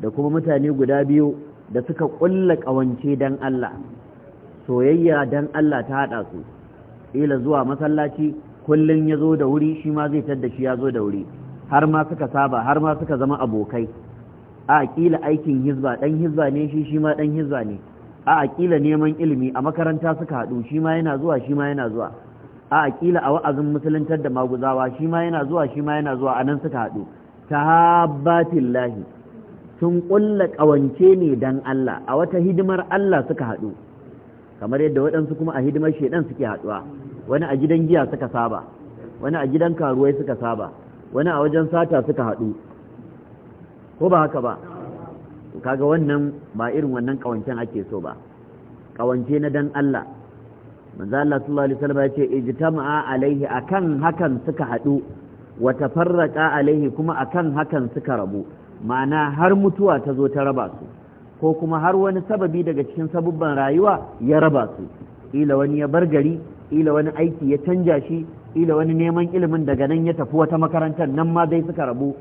da kuma mutane guda biyu da suka kulla kawance dan Allah soyayya dan Allah ta hada su ila zuwa masallaci kullun yazo da wuri shi ma zai tadda shi yazo da wuri har ma suka saba har ma suka zama abokai a kila aikin hizba dan hizba ne shi shi ma dan hizba ne a aƙila neman ilimi a makaranta suka haɗu shi ma yana zuwa shi ma yana zuwa a aƙila a wa'azin musuluntar da maguzawa shi ma yana zuwa shi ma yana zuwa a nan suka haɗu ta lahi sun ƙulla ƙawance ne don Allah a wata hidimar Allah suka haɗu kamar yadda waɗansu kuma a hidimar shaidan suke haɗuwa wani a gidan giya suka saba wani a gidan karuwai suka saba wani a wajen sata suka haɗu ko ba haka ba to kaga wannan ba irin wannan kawancen ake so ba kawance na dan Allah manzo Allah sallallahu alaihi wasallam ya ce ijtama'a alaihi akan hakan suka hadu wa tafarraqa alaihi kuma akan hakan suka rabu ma'ana har mutuwa ta zo ta raba su ko kuma har wani sababi daga cikin sabubban rayuwa ya raba su ila wani ya bar gari ila wani aiki ya canja shi ila wani neman ilimin daga nan ya tafi wata makarantar nan ma dai suka rabu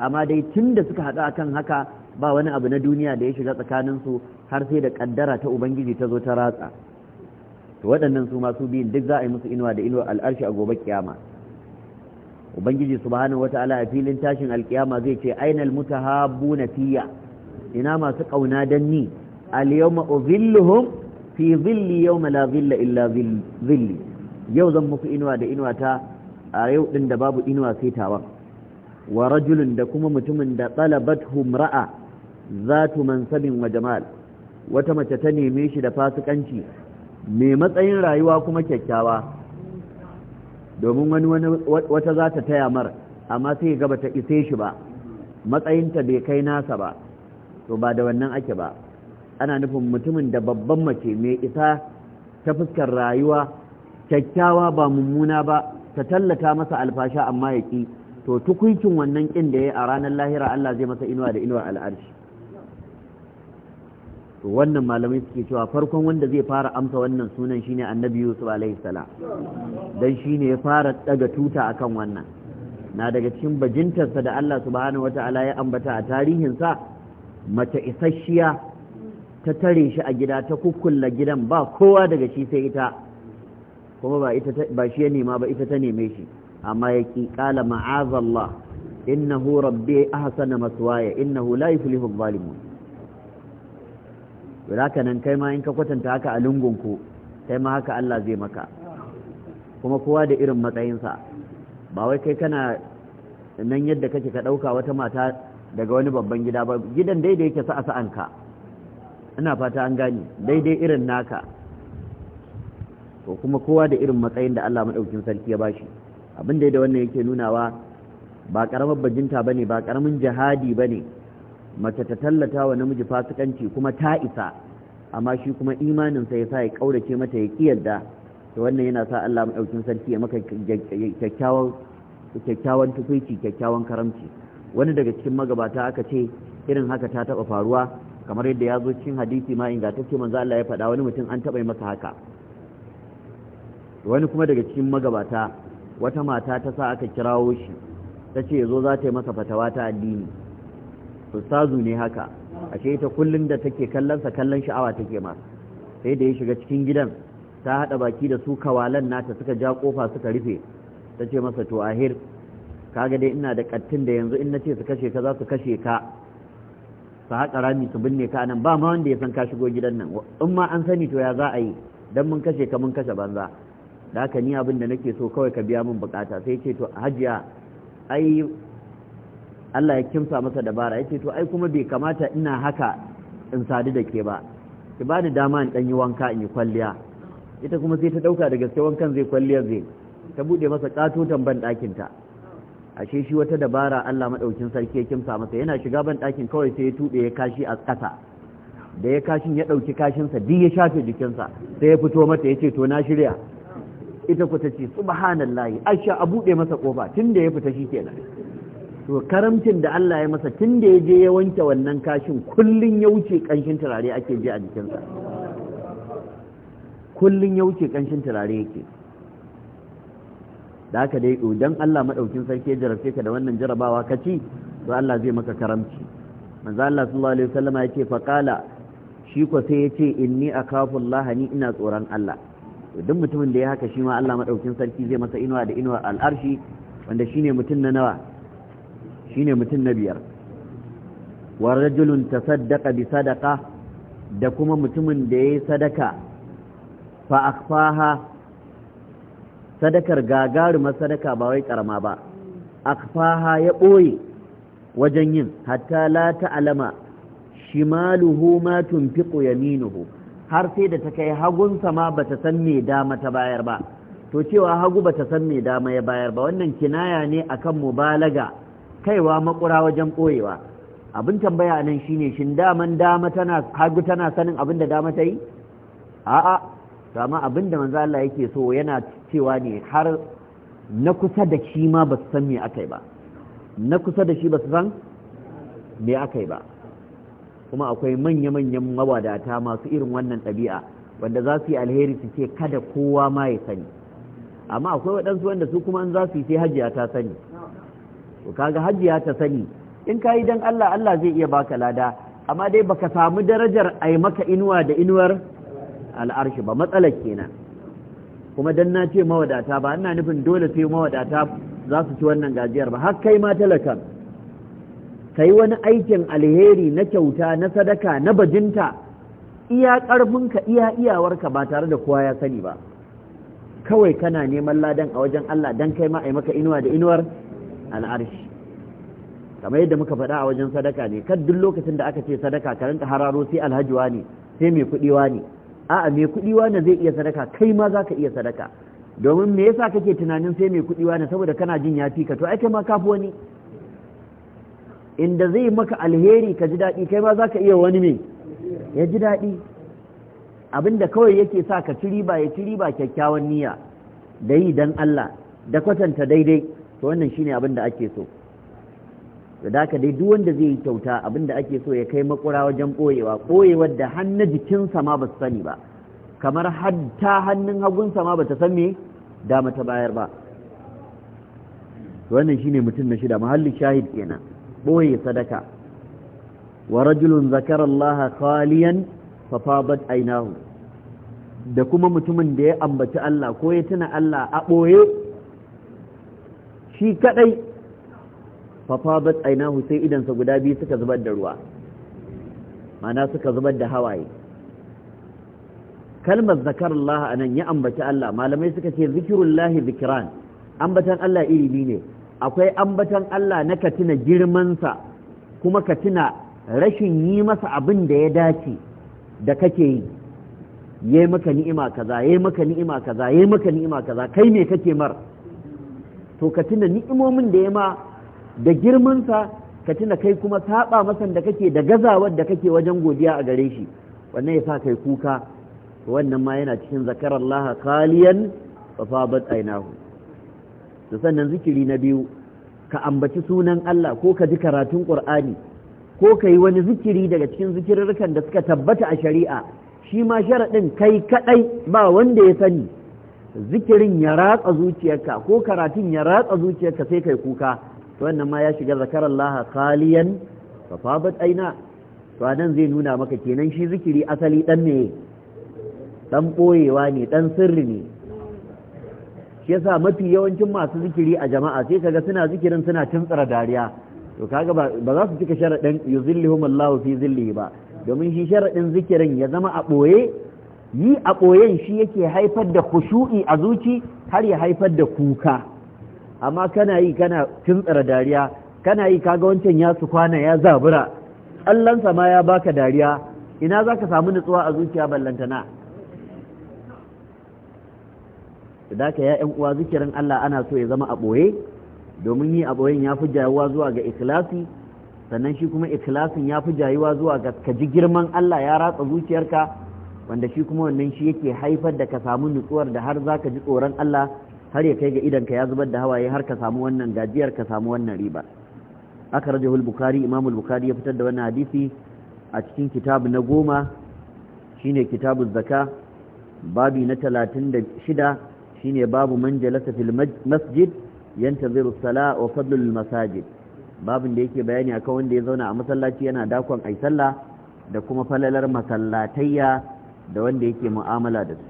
amma dai tun da suka haɗu akan haka ba wani abu na duniya da ya shiga tsakaninsu har sai da kaddara ta ubangiji ta zo ta ratsa to waɗannan su masu biyun duk za a yi musu inuwa da inuwa al'arshi a gobe kiyama ubangiji subhanahu wata'ala a filin tashin alkiyama zai ce ainal na fiya ina masu kauna dan ni al yawma udhilluhum fi dhilli yawma la illa zilli? yau zan muku inuwa da inuwa ta a yau din da babu inuwa sai tawa wa rajulun da kuma mutumin da talabathu ra'a zatu mansabin wa jamal wata mace ta neme shi da fasikanci mai matsayin rayuwa kuma kyakkyawa domin wani wata za ta taya mar amma sai ga ta ise shi ba matsayinta bai kai nasa ba to ba da wannan ake ba ana nufin mutumin da babban mace mai isa ta fuskar rayuwa kyakkyawa ba mummuna ba ta tallata masa alfasha amma ya ki to tukuncin wannan kin da ya yi a ranar lahira Allah zai masa inuwa da inuwar al'arshi wannan malamai suke cewa farkon wanda zai fara amsa wannan sunan shine annabi yusuf alaihi salam dan shine ya fara daga tuta akan wannan na daga cikin bajintarsa da Allah subhanahu wata'ala ya ambata a tarihin sa mace isasshiya ta tare shi a gida ta kukkulla gidan ba kowa daga shi sai ita kuma ba ita ba shi ya nema ba ita ta neme shi amma ya ki qala ma'azallah innahu rabbi ahsana maswaya innahu la yuflihu adh-dhalimun don haka nan kai ma in ka kwatanta haka a lungunku kai ma haka Allah zai maka kuma kowa da irin matsayinsa ba wai kai kana nan yadda kake ka ɗauka wata mata daga wani babban gida ba gidan daidai yake sa'a sa'anka ina fata an gane daidai irin naka to kuma kowa da irin matsayin da Allah maɗaukin sarki ya bashi abin da wannan yake nunawa ba ƙaramar bajinta bane ba ƙaramin jihadi bane mace ta tallata wa namiji fasikanci kuma ta isa amma shi kuma imaninsa ya sa ya kaurace mata ya kiyarda to wannan yana sa Allah maɗaukin sarki ya maka kyakkyawan tukuici kyakkyawan karamci wani daga cikin magabata aka ce irin haka ta taba faruwa kamar yadda ya zo cikin hadisi ma take manzo Allah ya faɗa wani mutum an taɓa masa haka wani kuma daga cikin magabata wata mata ta sa aka kirawo shi ta ce zo za ta yi masa fatawa ta addini ustazu ne haka ashe ita kullum da take kallonsa kallon sha'awa take ma sai da ya shiga cikin gidan ta hada baki da su kawalan nata suka ja kofa suka rufe ta ce masa to ahir kaga dai ina da kattin da yanzu in nace su kashe ka za su kashe ka su haƙa rami su binne ka nan ba ma wanda ya san ka shigo gidan nan in ma an sani to ya za a yi dan mun kashe ka mun kashe banza da haka ni abin da nake so kawai ka biya mun bukata sai ce to hajiya ai Allah ya kimsa masa dabara ya ce to ai kuma bai kamata ina haka in sadu da ke ba ki bani dama in danyi wanka in yi kwalliya ita kuma sai ta dauka da gaske wankan zai kwalliya zai ta bude masa katotan ban dakin ta ashe shi wata dabara Allah madaukin sarki ya kimsa masa yana shiga ban dakin kawai sai ya tude ya kashi a kasa da ya kashin ya dauki kashin sa duk ya shafe jikinsa sai ya fito mata yace to na shirya ita ku ta ce subhanallahi aisha a bude masa kofa tunda ya fita shi kenan to karamcin da Allah ya masa tun da ya je ya wanke wannan kashin kullun ya wuce kanshin turare ake ji a jikinsa kullun ya wuce kanshin turare yake da haka dai don Allah maɗaukin sarki ya jarabce ka da wannan jarabawa ka ci to Allah zai maka karamci manzo Allah sallallahu alaihi wasallama yake fa qala shi ko sai yace inni akafu Allah ni ina tsoron Allah duk mutumin da ya haka shi ma Allah maɗaukin sarki zai masa inuwa da inuwa al'arshi wanda shine mutum na nawa shine mutum na biyar wa rajulun tasaddaqa bi sadaqa da kuma mutumin da yayi sadaka fa akfaha sadakar gagarumar sadaka ba wai karama ba akfaha ya ɓoye wajen yin hatta la ta'lama shimaluhu ma tunfiqu yaminuhu har sai da ta kai hagunsa ma bata san me dama ta bayar ba to cewa hagu bata san me dama ya bayar ba wannan kinaya ne akan mubalaga kaiwa makura wajen koyewa abin tambaya nan shine shin daman dama tana hagu tana sanin abin da dama ta yi a'a to amma abin da manzo Allah yake so yana cewa ne har na kusa da shi ma ba su san me akai ba na kusa da shi ba su san me akai ba kuma akwai manya-manyan mawadata masu irin wannan ɗabi'a wanda za su yi alheri su ce kada kowa ma ya sani amma akwai waɗansu wanda su kuma in za su yi sai hajiya ta sani to kaga hajjiya ta sani in kayi dan Allah Allah zai iya baka lada amma dai baka samu darajar ai maka inuwa da inuwar al'arshi ba matsalar kenan kuma dan na ce mawadata ba ina nufin dole sai mawadata za su ci wannan gajiyar ba har kai ma talakan kai wani aikin alheri na kyauta na sadaka na bajinta iya ƙarfinka iya iyawarka ba tare da kowa ya sani ba kawai kana neman ladan a wajen Allah dan kai ma ai maka inuwa da inuwar al'arshi kamar yadda muka faɗa a wajen sadaka ne kan duk lokacin da aka ce sadaka ka rinka hararo sai alhajiwa ne sai mai kuɗiwa ne a'a mai kuɗiwa ne zai iya sadaka kai ma za iya sadaka domin me yasa kake tunanin sai mai kuɗiwa ne saboda kana jin ya fi ka to ai kai ma kafi wani inda zai maka alheri ka ji daɗi kai ma za ka iya wani me? ya ji daɗi abinda kawai yake sa ka ci riba ya ci riba kyakkyawan niyya da yi don Allah da kwatanta daidai to wannan shine abin da ake so da haka dai duk wanda zai yi kyauta abin da ake so ya kai makura wajen ɓoyewa ɓoyewar da hannu jikinsa ma ba su sani ba kamar hatta hannun hagunsa ma ba ta san me dama ta bayar ba wannan shine mutum na shida mahallin shahid kenan ɓoye sadaka wa rajulun zakarallaha khaliyan fa fadat ainahu da kuma mutumin da ya ambaci Allah ko ya tuna Allah a ɓoye shi kadai fafabat ainahu sai idansa guda biyu suka zubar da ruwa mana suka zubar da hawaye kalmar zakarullah a nan ya ambaci Allah malamai suka ce zikirullahi zikiran ambatan Allah ilimi ne akwai ambatan Allah na katina girmansa kuma katina rashin yi masa abin da ya dace da kake yi ya maka ni'ima kaza ya maka ni'ima kaza ya maka ni'ima kaza kai me kake mar to ka tuna ni'imomin da ya ma da girmansa ka tuna kai kuma saba masan da kake da gazawar da kake wajen godiya a gare shi wannan ya sa kai kuka wannan ma yana cikin zakarar laha kaliyan fafabat ainahu to sannan zikiri na biyu ka ambaci sunan Allah ko ka ji karatun Qur'ani ko ka yi wani zikiri daga cikin zikirarkan da suka tabbata a shari'a shi ma sharaɗin kai kaɗai ba wanda ya sani zikirin ya ratsa zuciyarka ko karatun ya ratsa zuciyarka sai kai kuka to wannan ma ya shiga zakaran khaliyan fa fabat aina to nan zai nuna maka kenan shi zikiri asali dan ne dan boyewa ne dan sirri ne shi yasa mafi yawancin masu zikiri a jama'a sai kaga suna zikirin suna tuntsara dariya to kaga ba za su cika sharadin yuzillihum Allahu fi zillihi ba domin shi sharadin zikirin ya zama a boye yi a ɓoyen shi yake haifar da kushu'i a zuci har ya haifar da kuka amma kana yi kana tuntsara dariya kana yi kaga wancan ya su kwana ya zabura tsallansa ma ya baka dariya ina za ka samu nutsuwa a zuciya ballantana da ka ya'yan uwa zikirin Allah ana so ya zama a ɓoye domin yi a ɓoyen ya fi jayuwa zuwa ga ikhlasi sannan shi kuma ikhlasin ya fi jayuwa zuwa ga ka ji girman Allah ya ratsa zuciyarka wanda shi kuma wannan shi yake haifar da ka samu nutsuwar da har zaka ji tsoron Allah har ya kai ga idan ka ya zubar da hawaye har ka samu wannan gajiyar ka samu wannan riba aka rajahul bukhari imamul bukari ya fitar da wannan hadisi a cikin kitabu na goma shine kitabu zaka babi na talatin da shida shine babu man jalasa fil masjid yantaziru sala wa fadlul masajid babin da yake bayani akan wanda ya zauna a masallaci yana dakon ai sallah da kuma falalar masallatayya da wanda yake mu'amala da su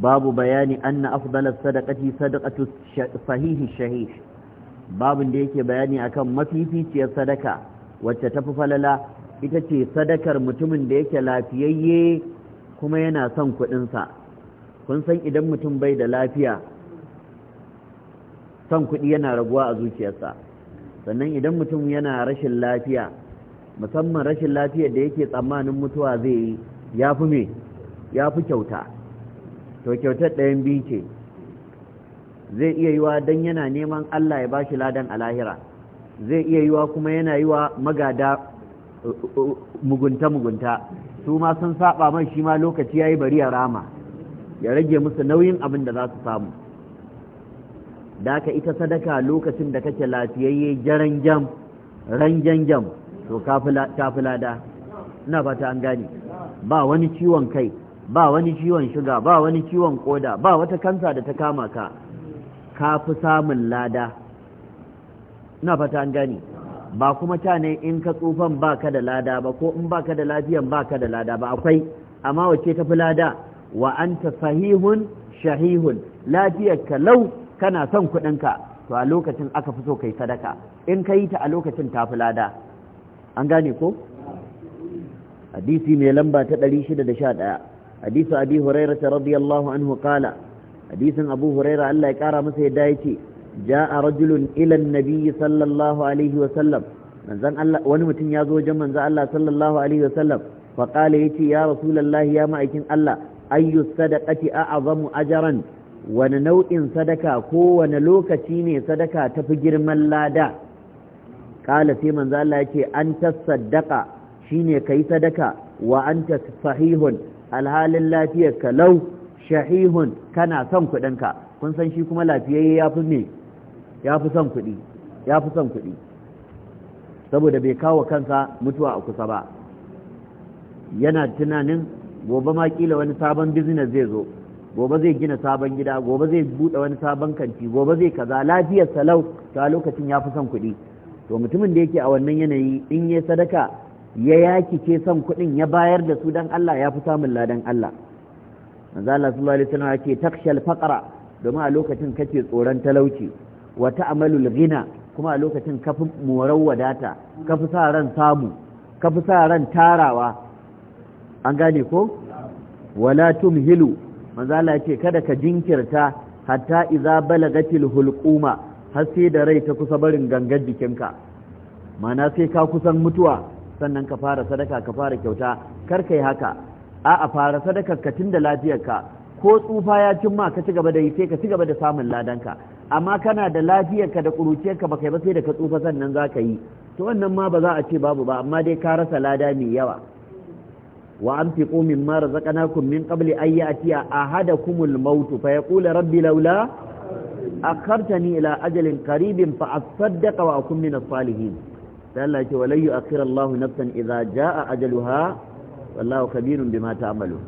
babu bayani anna Afdalar sadaqati sadaqatu sahihi shahih babun da yake bayani akan mafificiyar sadaka wacce tafi falala ita ce sadakar mutumin da yake lafiyayye kuma yana son kuɗinsa kun san idan mutum bai da lafiya son kuɗi yana raguwa a zuciyarsa sannan idan mutum yana rashin lafiya musamman rashin lafiyar da yake tsammanin mutuwa zai yi ya fi me ya fi kyauta to kyautar ɗayan biyu ce zai iya yiwa don yana neman Allah ya ba shi ladan a lahira zai iya yiwa kuma yana yiwa magada mugunta-mugunta uh, uh, uh, su ma sun saba man shi ma lokaci ya yi bari a rama ya rage musu nauyin abin da za su samu da ka ita sadaka lokacin da kake lafiyayye jaran jam ran jam to lada? na fata an gani ba wani ciwon kai ba wani ciwon shiga ba wani ciwon koda ba wata kansa da ta kama ka ka fi samun lada na fata an gani ba kuma ta ne in ka tsufan ba ka da lada ba ko in ba ka da lafiyan ba ka da lada ba akwai amma wace ta fi lada wa ta sahihun shahihun lafiyarka lau kana son kuɗinka to a lokacin aka fi so kai sadaka in ka yi ta a lokacin ta fi lada an gane ko hadisi mai lamba ta 611 hadisu abi ta radiyallahu anhu kala. hadisin abu hurairah Allah ya kara masa yadda yake ja'a rajulun ila an-nabi sallallahu alaihi wa sallam manzan Allah wani mutum ya zo wajen manzan Allah sallallahu alaihi wa sallam fa qala yace ya rasulullahi ya ma'aikin Allah ayyu sadaqati a'zamu ajran wani nau'in sadaka ko wani lokaci ne sadaka tafi girman lada kala sai manzo Allah yake an tasaddaqa shine kai sadaka wa anta sahihun alhalin lafiyar ka lau shahihun kana son kudin ka kun san shi kuma lafiyayye yafi me yafi son kuɗi yafi son kudi saboda bai kawo kansa mutuwa a kusa ba yana tunanin gobe ma kila wani sabon business zai zo gobe zai gina sabon gida gobe zai buɗe wani sabon kanti gobe zai kaza lafiyar salau ta lokacin ya fi son kuɗi to mutumin da yake a wannan yanayi in ya sadaka ya yaki ke son kuɗin ya bayar da su don Allah ya fi samun ladan Allah manzo Allah sallallahu alaihi wasallam yake takshal faqra domin a lokacin kake tsoron talauci wa ta'malul ghina kuma a lokacin kafin morar wadata kafi sa ran samu kafi sa ran tarawa an gane ko wala tumhilu manzo Allah yake kada ka jinkirta hatta idza balagatil hulquma har sai da rai ta kusa barin gangar jikinka mana sai ka kusan mutuwa sannan ka fara sadaka ka fara kyauta kar ka yi haka a'a fara sadakar ka tunda lafiyarka ko tsufa ya cin ma ka ci gaba da yi sai ka ci gaba da samun ladanka amma kana da lafiyarka da ƙuruciyarka ba kai ba sai da ka tsufa sannan za ka yi to wannan ma ba za a ce babu ba amma dai ka rasa lada mai yawa wa anfiqu mimma razaqnakum min qabli ayyatiya ahadakumul maut fa yaqulu rabbi laula akhartani ila ajalin karibin fa asaddaqa wa akun min as-salihin sai Allah ya ce walayyu nafsan idza jaa ajaluha wallahu kabirun bima ta'malu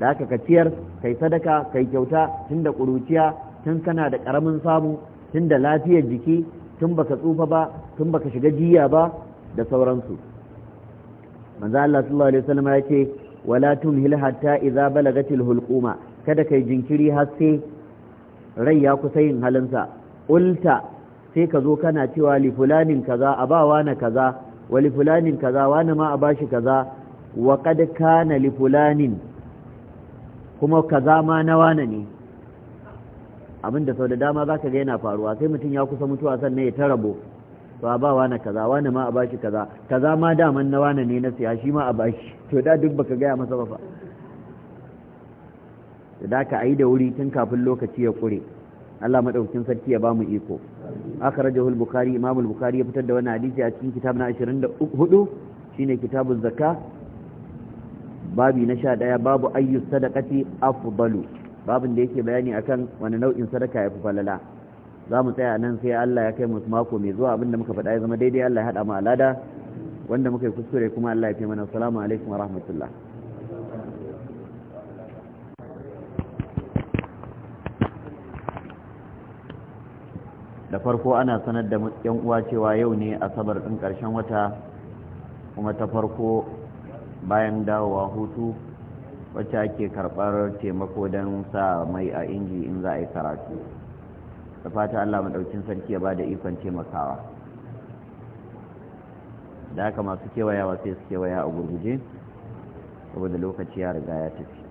da haka ka ciyar kai sadaka kai kyauta da kuruciya tun kana da karamin samu tunda lafiyar jiki tun baka tsufa ba tun baka shiga jiya ba da sauransu manzo Allah sallallahu alaihi wasallam ya ce wala tunhil hatta idza balagatil hulquma kada kai jinkiri har sai rai ya kusa yin halinsa ulta sai ka zo kana cewa li fulanin kaza a ba wani kaza wa li fulanin kaza wani ma a bashi kaza wa qad kana li fulanin kuma kaza ma na wani ne abinda sau da dama ka ga yana faruwa sai mutum ya kusa mutuwa sannan ya ta rabo to a ba wani kaza wani ma a bashi kaza kaza ma daman na wani ne na siya shi ma a bashi to da duk baka gaya masa ba fa da ka ayi da wuri tun kafin lokaci ya kure Allah maɗaukin sarki ya bamu iko aka raja bukhari imam ya fitar da wani hadisi a cikin kitab na 24 shine kitabun zakka babi na sha ɗaya babu ayyu sadakati afdalu babin da yake bayani akan wani nau'in sadaka ya fi falala za mu tsaya nan sai Allah ya kai musu mako mai zuwa abinda muka faɗa ya zama daidai Allah ya haɗa mu alada wanda muka yi kuskure kuma Allah ya fi mana assalamu alaikum wa rahmatullah farko ana sanar da yan uwa cewa yau ne asabar ɗin ƙarshen wata kuma ta farko bayan dawowa hutu wacce ake karɓar taimako don sa mai a inji in za a yi karatu da fata allah maɗaukin sarki ya ba da ikon taimakawa da haka masu kewayawa sai su kewaya a gurguje saboda lokaci ya riga ya tafi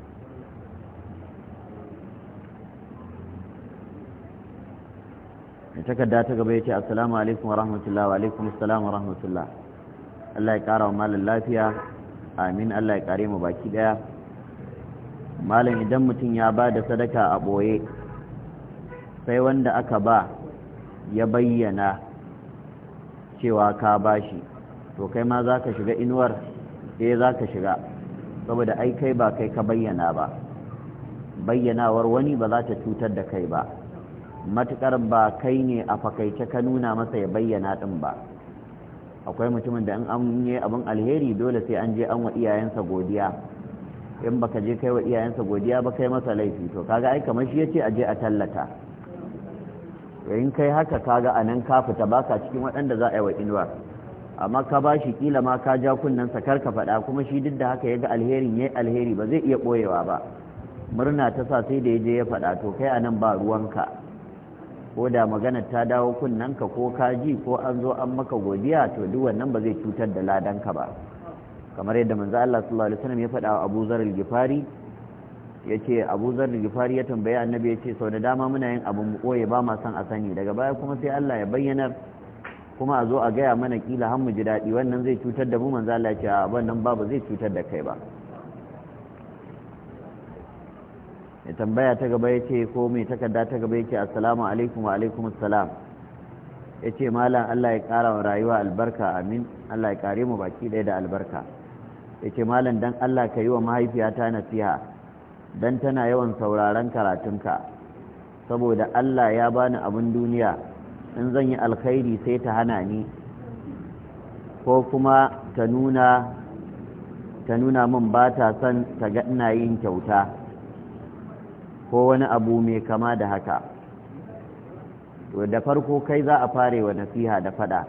da takarda ta gaba ya ce assalamu alaikum wa rahmatullah wa alaikum assalamu wa rahmatullah Allah ya kara wa malam lafiya amin Allah ya kare mu baki daya malam idan mutum ya ba da sadaka a boye sai wanda aka ba ya bayyana cewa ka bashi to kai ma za ka shiga inuwar eh za ka shiga saboda ai kai ba kai ka bayyana ba bayyanawar wani ba za ta cutar da kai ba matukar ba kai ne a fakaice ka nuna masa ya bayyana din ba akwai mutumin da in an yi abin alheri dole sai an je an wa iyayensa godiya in baka je kai wa iyayensa godiya ba kai masa laifi to kaga ai kamar shi yace a je a tallata in kai haka kaga anan ka fita ka cikin waɗanda za a yi wa inuwa amma ka ba shi kila ma ka ja kunnen sa karka faɗa kuma shi duk da haka ya ga alherin yayi alheri ba zai iya ɓoyewa ba murna ta sa sai da ya je ya faɗa to kai anan ba ruwanka ko da magana ta dawo ka ko ka ji ko an zo an maka godiya to duk wannan ba zai cutar da ladanka ba kamar yadda manzo Allah sallallahu alaihi wasallam ya faɗa wa Abu Zar al-Ghifari yace Abu Zar al-Ghifari ya tambaye Annabi yace sau da dama muna yin abun mu ba ma san a sani daga baya kuma sai Allah ya bayyana kuma a zo a gaya mana kila har mu ji daɗi wannan zai cutar da mu manzo Allah ya ce a wannan babu zai cutar da kai ba ya tambaya ta gaba ce ko mai takarda ta gaba yake assalamu alaikum wa alaikum assalam ce malam Allah ya kara wa rayuwa albarka amin Allah ya kare mu baki ɗaya da albarka ya ce malam dan Allah ka yi wa mahaifiyata nasiha dan tana yawan sauraron karatunka saboda Allah ya bani abin duniya in zan yi alkhairi sai ta hana ni ko kuma ta nuna ta nuna min ba ta son ta ga ina yin kyauta ko wani abu mai kama da haka da farko kai za a wa nasiha da fada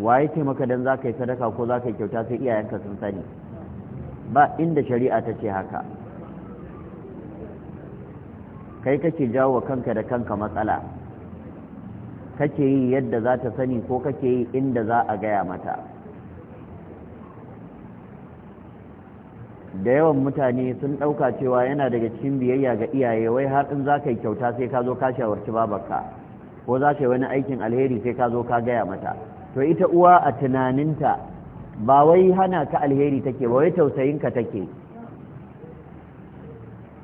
waye ce maka dan za ka yi sadaka ko za ka yi kyauta sai iyayenka sun sani ba inda shari'a ta ce haka kai kake jawo wa kanka da kanka matsala kake yi yadda za ta sani ko kake yi inda za a gaya mata da yawan mutane sun ɗauka cewa yana daga cikin biyayya ga iyaye wai har in za ka yi kyauta sai ka zo ka shawarci babarka ko za ka yi wani aikin alheri sai ka zo ka gaya mata to ita uwa a tunaninta ba wai hana ka alheri take ba wai tausayinka take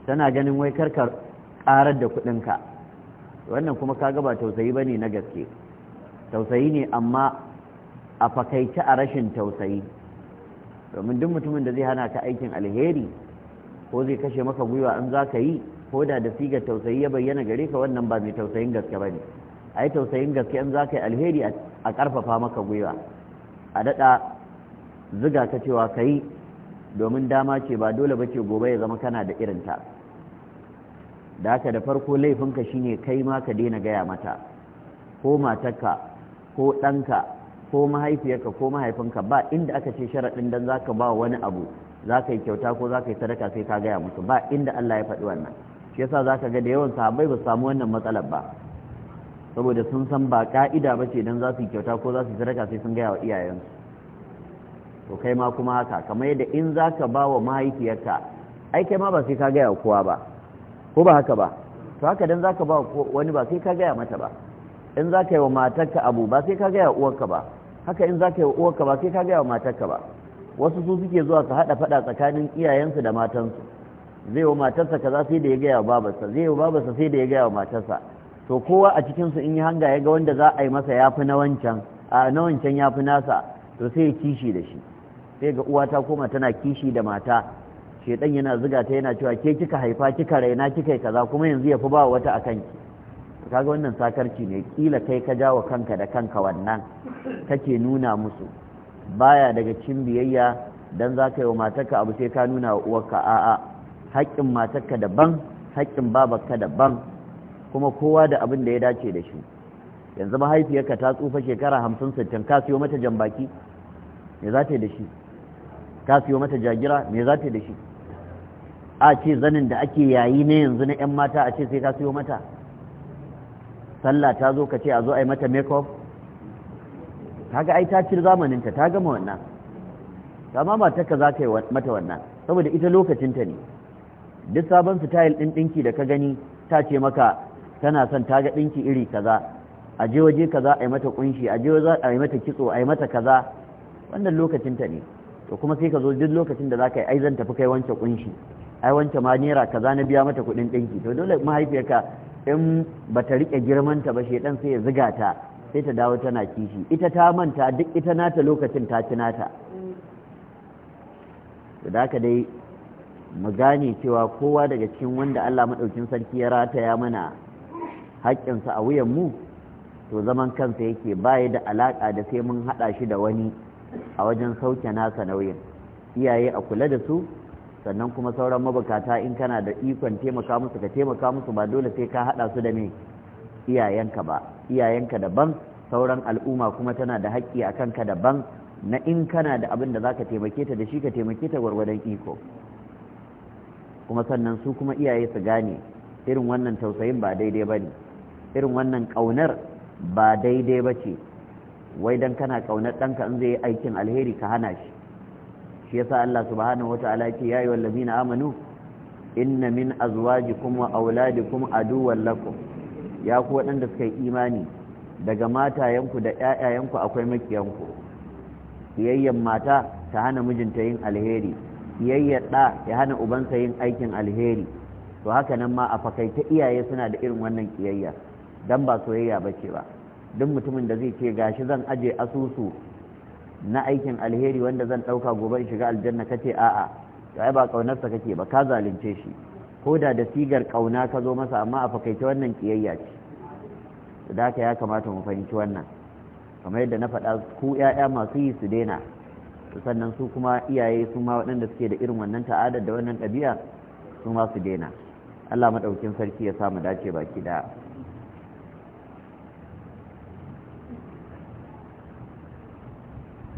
tana ganin wai karkar ƙarar da kuɗinka wannan kuma ka ba tausayi ba ne na gaske tausayi ne amma a fakaice a rashin tausayi domin duk mutumin da zai hana ka aikin alheri ko zai kashe maka gwiwa in za ka yi ko da da siga tausayi ya bayyana gare ka wannan ba mai tausayin gaske ba ne a yi tausayin gaske in za ka yi alheri a ƙarfafa maka gwiwa a daɗa ziga ka cewa ka yi domin dama ce ba dole ba ce gobe ya zama kana da irin ta da haka da farko laifinka shine kai ma ka daina gaya mata ko matarka ko ɗanka ko mahaifiyarka ko mahaifinka ba inda aka ce sharaɗin dan ka ba wani abu za ka yi kyauta ko za ka yi sadaka sai ka gaya musu ba inda Allah ya faɗi wannan shi yasa ka ga da yawan sahabbai ba su samu wannan matsalar ba saboda sun san ba ka'ida ba ce don za su yi kyauta ko za su yi sadaka sai sun gaya wa iyayensu to kai ma kuma haka kamar yadda in za ka ba wa mahaifiyarka ai kai ma ba sai ka gaya wa kowa ba ko ba haka ba to haka don za ka ba wani ba sai ka gaya mata ba in za ka yi wa matarka abu ba sai ka gaya wa uwarka ba haka in za ka yi wa uwarka ba sai ka gaya wa matarka ba wasu su suke zuwa su haɗa faɗa tsakanin iyayensu da matansu zai wa matarsa kaza sai da ya gaya wa babarsa zai wa babarsa sai da ya gaya wa matarsa to kowa a cikinsu in yi hanga ya ga wanda za a yi masa ya fi na wancan a na wancan ya fi nasa to sai ya kishi da shi sai ga uwa ta koma tana kishi da mata shedan yana zuga ta yana cewa ke kika haifa kika raina kika kaza kuma yanzu ya fi ba wata akan ki kaga wannan sakarci ne kila kai ka jawo kanka da kanka wannan kake nuna musu baya daga cin biyayya dan za ka yi wa matarka abu sai ka nuna wa uwarka a'a haƙƙin matarka daban haƙƙin babarka daban kuma kowa da abin da ya dace da shi yanzu mahaifiyarka ta tsufa shekara hamsin sittin ka siyo mata jambaki me za ta yi da shi ka siyo mata jagira me za ta yi da shi a ce zanin da ake yayi ne yanzu na 'yan mata a ce sai ka siyo mata sallah ta zo ka ce a zo a yi mata makeup kaga ai ta cir zamaninta ta gama wannan ta ka za ka yi mata wannan saboda ita lokacinta ne duk sabon style ɗin ɗinki da ka gani ta ce maka tana son ta ga ɗinki iri kaza a je waje kaza a yi mata kunshi a je waje a yi mata kitso a yi mata kaza wannan lokacinta ne to kuma sai ka zo duk lokacin da za ka yi ai zan tafi kai wancan kunshi ai wancan ma kaza na biya mata kuɗin ɗinki to dole mahaifiyarka in ba bata rike ta ba shedan sai ya ziga ta sai ta dawo tana kishi ita ta manta duk ita nata lokacin ta ci nata da haka dai mu gane cewa kowa daga cikin wanda Allah maɗaukin sarki ya rataya mana sa a wuyan mu to zaman kansa yake baya da alaƙa da sai mun hada shi da wani a wajen sauke nasa nauyin iyaye a kula da su sannan kuma sauran mabukata in kana da ikon taimaka musu ka taimaka musu ba dole sai ka haɗa su da me iyayenka ba iyayenka daban sauran al'umma kuma tana da haƙƙi a kanka daban na in kana da abin da za ka taimake ta da shi ka taimake ta gwargwadon iko kuma sannan su kuma iyaye su gane irin wannan tausayin ba daidai ba ne irin wannan ƙaunar ba daidai ba ce wai don kana ƙaunar ɗanka in zai yi aikin alheri ka hana shi shi yasa Allah subhanahu wataala yake ya ayyuhal ladina amanu inna min azwajikum wa auladikum aduwwan lakum ya ku waɗanda suka yi imani daga matayenku da ƴaƴayenku akwai makiyanku kiyayyen mata ta hana mijinta yin alheri kiyayyar ɗa ya hana ubansa yin aikin alheri to haka nan ma a fakaita iyaye suna da irin wannan kiyayya dan ba soyayya bace ba duk mutumin da zai ce gashi zan aje asusu na aikin alheri wanda zan ɗauka gobe in shiga aljanna kace a'a to ai ba ƙaunarsa kake ba ka zalunce shi ko da da sigar ƙauna ka zo masa amma a fakaice wannan ƙiyayya ce da haka ya kamata mu fahimci wannan kamar yadda na faɗa ku yaya masu yi su daina sannan su kuma iyaye su ma waɗanda suke da irin wannan ta'adar da wannan ɗabi'a su ma su daina Allah maɗaukin sarki ya samu dace baki ɗaya.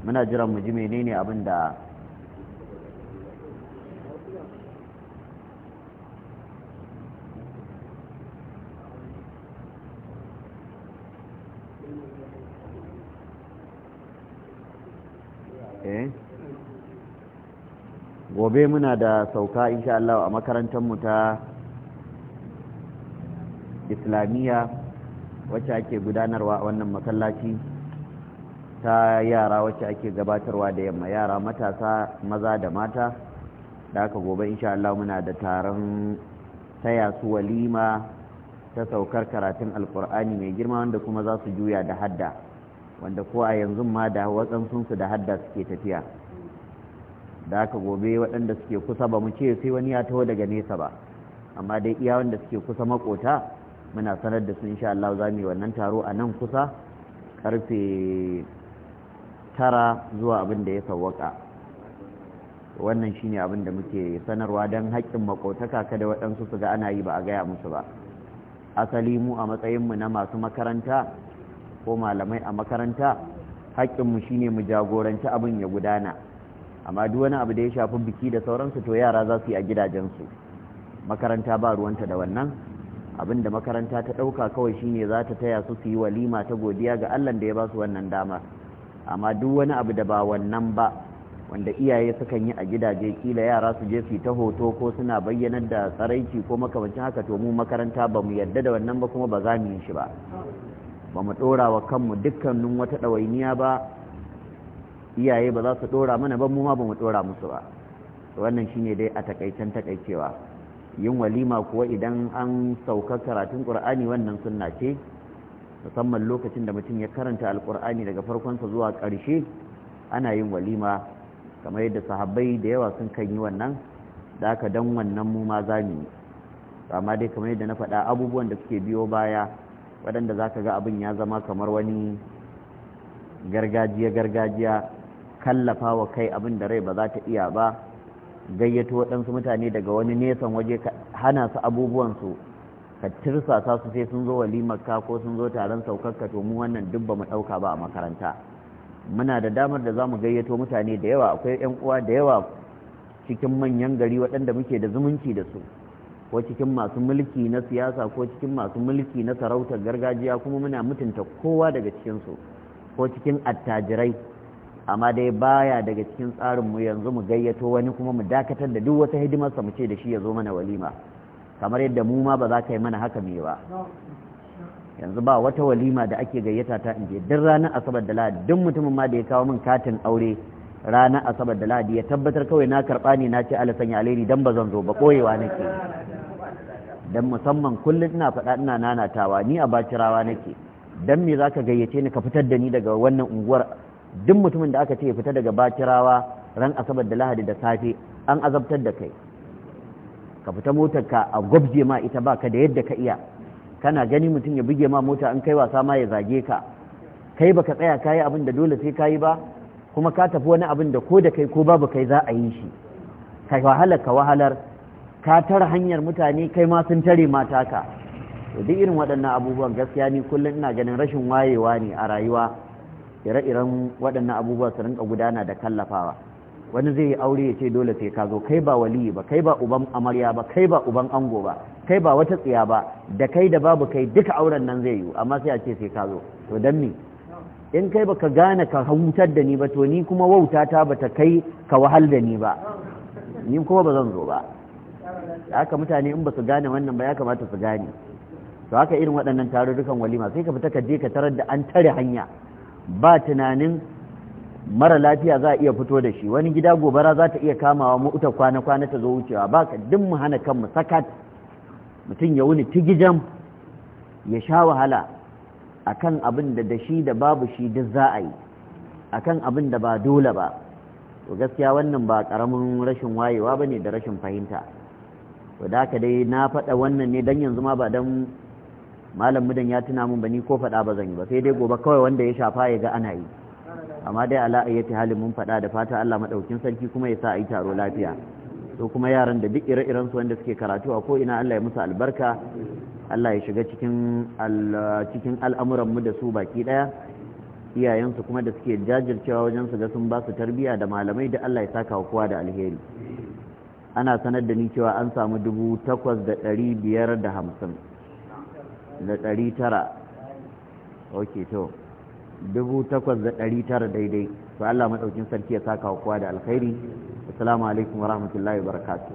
muna jiran mu ji menene abin da eh? gobe muna da sauka insha Allah a makarantar mu ta islamiyya wacce ake gudanarwa a wannan masallaci ta yara wacce ake gabatarwa da yamma yara matasa maza da mata da aka gobe insha Allah muna da taron taya su walima ta saukar karatun alkur'ani mai girma wanda kuma za su juya da hadda wanda ko a yanzu ma da watsansunsu da hadda suke tafiya da aka gobe waɗanda suke kusa ba mu ce sai wani ya taho daga nesa ba amma dai iya wanda suke kusa makota muna sanar da su insha Allah za mu yi wannan taro a nan kusa karfe tara zuwa abin da ya sawwaka wannan shine abin da muke sanarwa don haƙƙin makotaka kada waɗansu su ga ana yi ba a gaya musu ba asali mu a matsayinmu na masu makaranta ko malamai a makaranta haƙƙinmu shine mu jagoranci abin ya gudana amma duk wani abu da ya shafi biki da sauransu to yara za su yi a gidajensu makaranta ba ruwanta da wannan abin da makaranta ta ɗauka kawai shine za ta taya su su yi walima ta godiya ga allah da ya ba su wannan damar amma duk wani abu da ba wannan ba wanda iyaye sukan yi a gidaje kila yara su je su ta hoto ko suna bayyanar da tsaraici ko makamancin haka to mu makaranta ba mu yarda da wannan ba kuma ba za mu yi shi ba ba mu dora wa kanmu dukkanin wata ɗawainiya ba iyaye ba za su dora mana ba mu ma ba mu dora musu ba wannan shine dai a takaicen takaicewa yin walima kuwa idan an sauka karatun ƙur'ani wannan sunna ce musamman lokacin da mutum ya karanta alkur'ani daga farkon sa zuwa ƙarshe ana yin walima kamar yadda sahabbai da yawa sun kan yi wannan da aka dan wannan mu ma za mu yi amma dai kamar yadda na faɗa abubuwan da suke biyo baya waɗanda za ka ga abin ya zama kamar wani gargajiya gargajiya kallafa wa kai abin da rai ba za ta iya ba gayyato waɗansu mutane daga wani nesan waje hana su abubuwansu ka tirsasa su sai sun zo walimar ka ko sun zo taron saukar ka to mu wannan duk ba mu ɗauka ba a makaranta muna da damar da za mu gayyato mutane da yawa akwai 'yan uwa da yawa cikin manyan gari waɗanda muke da zumunci da su ko cikin masu mulki na siyasa ko cikin masu mulki na sarautar gargajiya kuma muna mutunta kowa daga cikinsu ko cikin attajirai amma dai baya daga cikin tsarinmu yanzu mu gayyato wani kuma mu dakatar da duk wata hidimarsa mu ce da shi ya zo mana walima kamar yadda mu ma ba za ka yi mana haka me ba yanzu ba wata walima da ake gayyata ta inje duk ranar asabar da lahadi duk mutumin ma da ya kawo min katin aure ranar asabar da lahadi ya tabbatar kawai na karɓa ne na ce alasan ya alheri don ba zan zo ba koyewa nake don musamman kullum ina faɗa ina nanatawa ni a bacirawa nake don me za ka gayyace ni ka fitar da ni daga wannan unguwar duk mutumin da aka ce ya fita daga bacirawa ran asabar da lahadi da safe an azabtar da kai ka fita motar ka a gwabje ma ita ba ka da yadda ka iya kana gani mutum ya buge ma mota an kai wasa ma ya zage ka kai baka tsaya kayi abin da dole sai kayi ba kuma ka tafi wani abin da ko da kai ko babu kai za a yi shi ka wahalar ka wahalar ka tara hanyar mutane kai ma sun tare mata ka duk irin waɗannan abubuwan gaskiya ni kullum ina ganin rashin wayewa ne a rayuwa ire-iren waɗannan abubuwa su rinka gudana da kallafawa wani zai yi aure ya ce dole sai ka zo kai ba wali ba kai ba uban amarya ba kai ba uban ango ba kai ba wata tsiya ba da kai da babu kai duka auren nan zai yi amma sai a ce sai ka zo to dan me in kai baka gane ka hutar da ni ba to ni kuma wauta ta bata kai ka wahal da ni ba ni kuma ba zan zo ba haka mutane in ba su gane wannan ba ya kamata su gane to haka irin waɗannan tarurrukan walima sai ka fita ka je ka tarar da an tare hanya ba tunanin mara lafiya za a iya fito da shi wani gida gobara za ta iya kamawa uta kwana-kwana ta zo wucewa ba ka duk mu hana kanmu sakat mutum ya wuni tigijan ya sha wahala akan abin da da shi da babu shi duk za a yi akan abin da ba dole ba to gaskiya wannan ba karamin rashin wayewa ba ne da rashin fahimta to da haka dai na faɗa wannan ne dan yanzu ma ba dan malam mudan ya tuna min ba ni ko faɗa ba zan yi ba sai dai gobe kawai wanda ya shafa ya ga ana yi amma dai ala ayyati halin mun faɗa da fata Allah madaukin sarki kuma ya sa a yi taro lafiya to kuma yaran da duk ire-iren su wanda suke karatu a ko ina Allah ya musu albarka Allah ya shiga cikin cikin al'amuran mu da su baki ɗaya iyayensu kuma da suke jajircewa wajen su ga sun ba su tarbiyya da malamai da Allah ya saka wa kowa da alheri ana sanar da ni cewa an samu dubu takwas da ɗari biyar da hamsin da ɗari tara dubu takwas da ɗari tara daidai to Allah maɗaukin sarki ya saka wa kowa da alkhairi assalamu alaikum wa rahmatullahi wa barakatuh